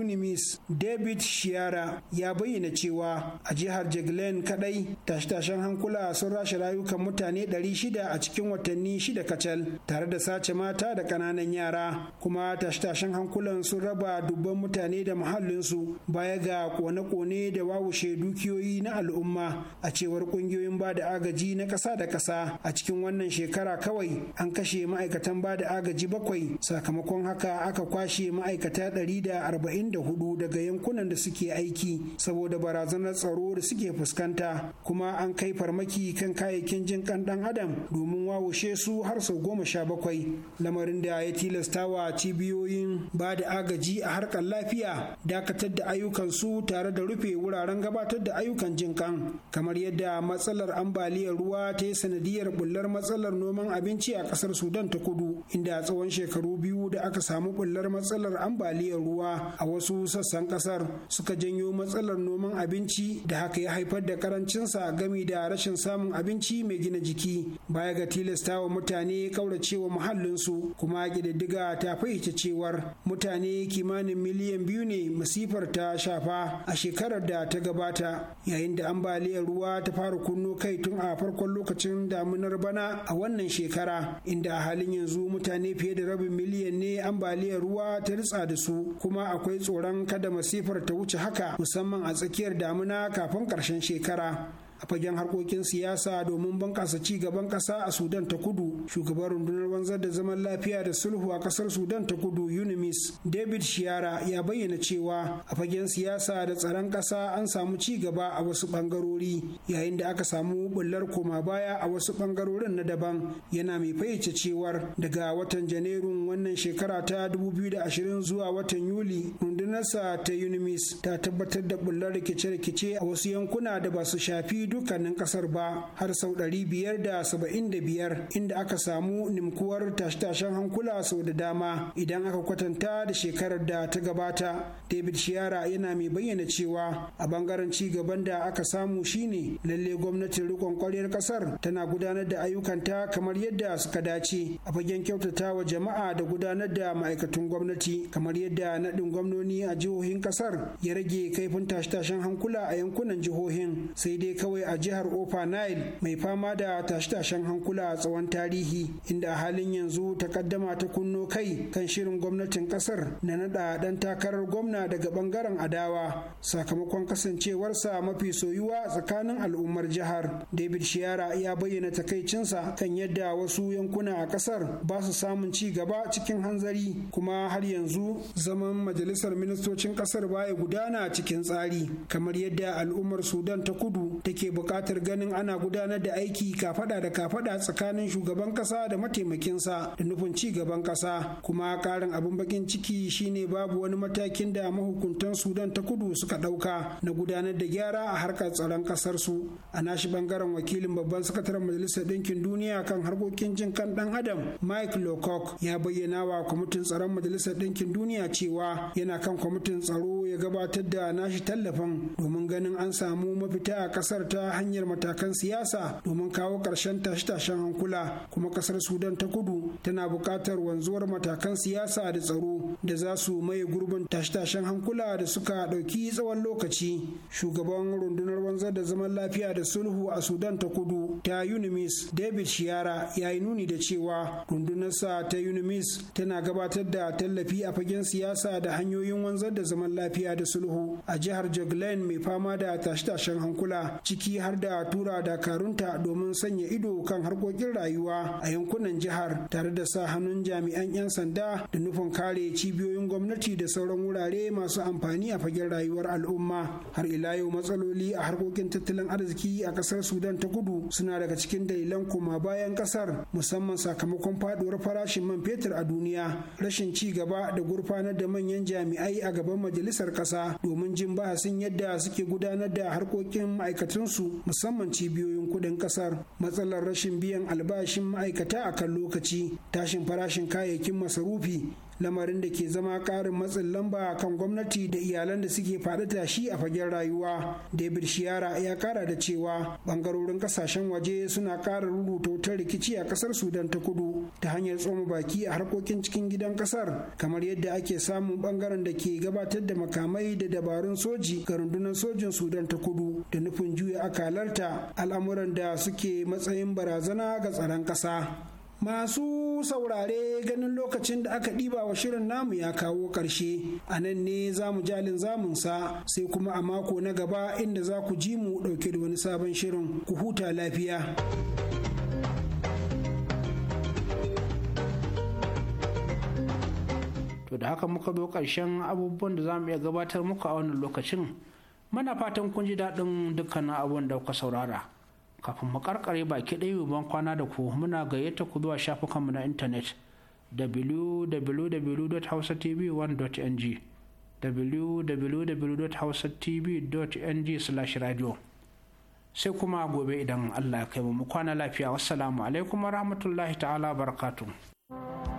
unimis david shiara ya bayyana cewa a jihar jaglen kadai tashe-tashen hankula sun rashe rayukan mutane 600 a cikin watanni shida kacal tare da sace mata da kananan yara kuma tashe-tashen hankulan sun raba dubban mutane da muhallinsu baya ga kone-kone da wawushe dukiyoyi na al'umma a cewar kungiyoyin ba da agaji na ƙasa da ƙasa a cikin wannan shekara kawai an kashe ma'aikatan ba da agaji bakwai sakamakon haka aka kwashe ma'aikata ɗari da 144 daga yankunan da suke aiki saboda barazanar tsaro da suke fuskanta kuma an kai farmaki kan kayayyakin jin kan dan adam domin wawushe su har sau goma sha bakwai lamarin da ya tilastawa cibiyoyin ba da agaji a harkar lafiya dakatar da ayyukan su tare da rufe wuraren gabatar da ayyukan jin kan kamar yadda matsalar ambaliyar ruwa ta yi sanadiyar bullar matsalar noman abinci a kasar sudan ta kudu inda tsawon shekaru biyu da aka samu bullar matsalar ambaliyar ruwa a wasu sassan kasar suka janyo matsalar noman abinci da haka ya haifar da karancinsa gami da rashin samun abinci mai gina jiki baya ga tilasta wa mutane kauracewa su kuma kididdiga ta fahimta cewar mutane kimanin miliyan biyu ne masifar ta shafa a shekarar da ta gabata yayin da ambaliyar ruwa ta fara kunno kai tun a farkon lokacin damunar bana a wannan shekara inda a halin yanzu mutane fiye da rabin miliyan ne ambaliyar ruwa ta ritsa da su kuma akwai tsoron kada masifar ta wuce haka musamman a tsakiyar damuna kafin ƙarshen shekara a fagen harkokin siyasa domin bankasa ci gaban ƙasa a Sudan ta Kudu. Shugaban rundunar wanzar da zaman lafiya da sulhu a ƙasar Sudan ta Kudu (UNIMIS) David Shiara ya bayyana cewa a fagen siyasa da tsaron ƙasa an samu ci gaba a wasu ɓangarori yayin da aka samu bullar koma baya a wasu ɓangarorin na daban yana mai fayyace cewar daga watan Janairun wannan shekara ta 2020 zuwa watan Yuli rundunarsa ta UNIMIS ta tabbatar da bullar rikice-rikice a wasu yankuna da ba su shafi dukkanin kasar ba har sau 575 inda aka samu nimkuwar tashe-tashen hankula sau da dama idan aka kwatanta da shekarar da ta gabata david shiara yana mai bayyana cewa a bangaren ci gaban da aka samu shine lalle gwamnatin rikon kwaryar kasar tana gudanar da ayyukanta kamar yadda suka dace a fagen kyautata wa jama'a da gudanar da ma'aikatun gwamnati kamar yadda naɗin gwamnoni a jihohin kasar ya rage kaifin tashe-tashen hankula a yankunan jihohin sai dai kawai Benue a jihar Ofa Nile mai fama da tashe-tashen hankula a tsawon tarihi inda a halin yanzu ta takaddama ta kunno kai kan shirin gwamnatin kasar na nada dan takarar gwamna daga bangaren adawa sakamakon kasancewarsa mafi soyuwa tsakanin al'ummar jihar. David Shiara ya bayyana takaicinsa kan yadda wasu yankuna a kasar ba su samun ci gaba cikin hanzari kuma har yanzu zaman majalisar ministocin kasar baya gudana cikin tsari kamar yadda al'ummar Sudan ta kudu take ke bukatar ganin ana gudanar da aiki kafada da kafada tsakanin shugaban ƙasa da mataimakinsa da nufin ci gaban ƙasa kuma karin abin bakin ciki shine babu wani matakin da mahukuntan sudan ta kudu suka ɗauka na gudanar da gyara a harkar tsaron ƙasarsu. su a nashi bangaren wakilin babban sakataren majalisar ɗinkin duniya kan harkokin jin kan ɗan adam mike lowcock ya bayyana wa kwamitin tsaron majalisar ɗinkin duniya cewa yana kan kwamitin tsaro ya gabatar da nashi tallafin domin ganin an samu mafita a ƙasar ta ta hanyar matakan siyasa domin kawo ƙarshen tashe-tashen hankula kuma ƙasar sudan ta kudu tana buƙatar wanzuwar matakan siyasa da tsaro da za su maye gurbin tashe-tashen hankula da suka ɗauki tsawon lokaci shugaban rundunar wanzar da zaman lafiya da sulhu a sudan ta kudu ta unimis david shiyara ya yi nuni da cewa rundunarsa ta unimis tana gabatar da tallafi a fagen siyasa da hanyoyin wanzar da zaman lafiya da sulhu a jihar jogland mai fama da tashe-tashen hankula ciki ciki har da tura dakarunta domin sanya ido kan harkokin rayuwa a yankunan jihar tare da sa hannun jami'an 'yan sanda da nufin kare cibiyoyin gwamnati da sauran wurare masu amfani a fagen rayuwar al'umma har ila yau matsaloli a harkokin tattalin arziki a kasar sudan ta kudu suna daga cikin dalilan koma bayan kasar musamman sakamakon faduwar farashin man fetur a duniya rashin ci gaba da gurfanar da manyan jami'ai a gaban majalisar kasa domin jin bahasin yadda suke gudanar da harkokin ma'aikatansu su musamman cibiyoyin kuɗin ƙasar matsalar rashin biyan albashin ma'aikata a kan lokaci tashin farashin kayayyakin masarufi lamarin da ke zama ƙarin matsin lamba kan gwamnati da iyalan da suke faɗi tashi a fagen rayuwa david shiyara ya kara da cewa ɓangarorin ƙasashen waje suna ƙara rubuta wutar rikici a ƙasar sudan ta kudu ta hanyar tsoma baki a harkokin cikin gidan ƙasar kamar yadda ake samun ɓangaren da ke gabatar da makamai da dabarun soji ga rundunar sojin sudan ta kudu da nufin juya akalarta al'amuran da suke matsayin barazana ga tsaron ƙasa Masu saurare ganin lokacin da aka ɗiba wa shirin namu ya kawo ƙarshe, a nan ne za mu jalin zamunsa sai kuma a mako na gaba inda za ku ji mu ɗauke da wani sabon shirin ku huta lafiya. To da haka muka zo ƙarshen abubuwan da za mu iya gabatar muku a wannan lokacin. Muna fatan kun ji daɗin dukkanin abubuwan da kuka saurara. kafin mu karkare baki ɗaya ban kwana da ku muna gayyata ku zuwa shafukanmu na intanet www.hausatv1.ng www.hausatv.ng/radio sai kuma gobe idan Allah ya kai mu kwana lafiya wassalamu alaikum wa rahmatullahi ta'ala barakatuh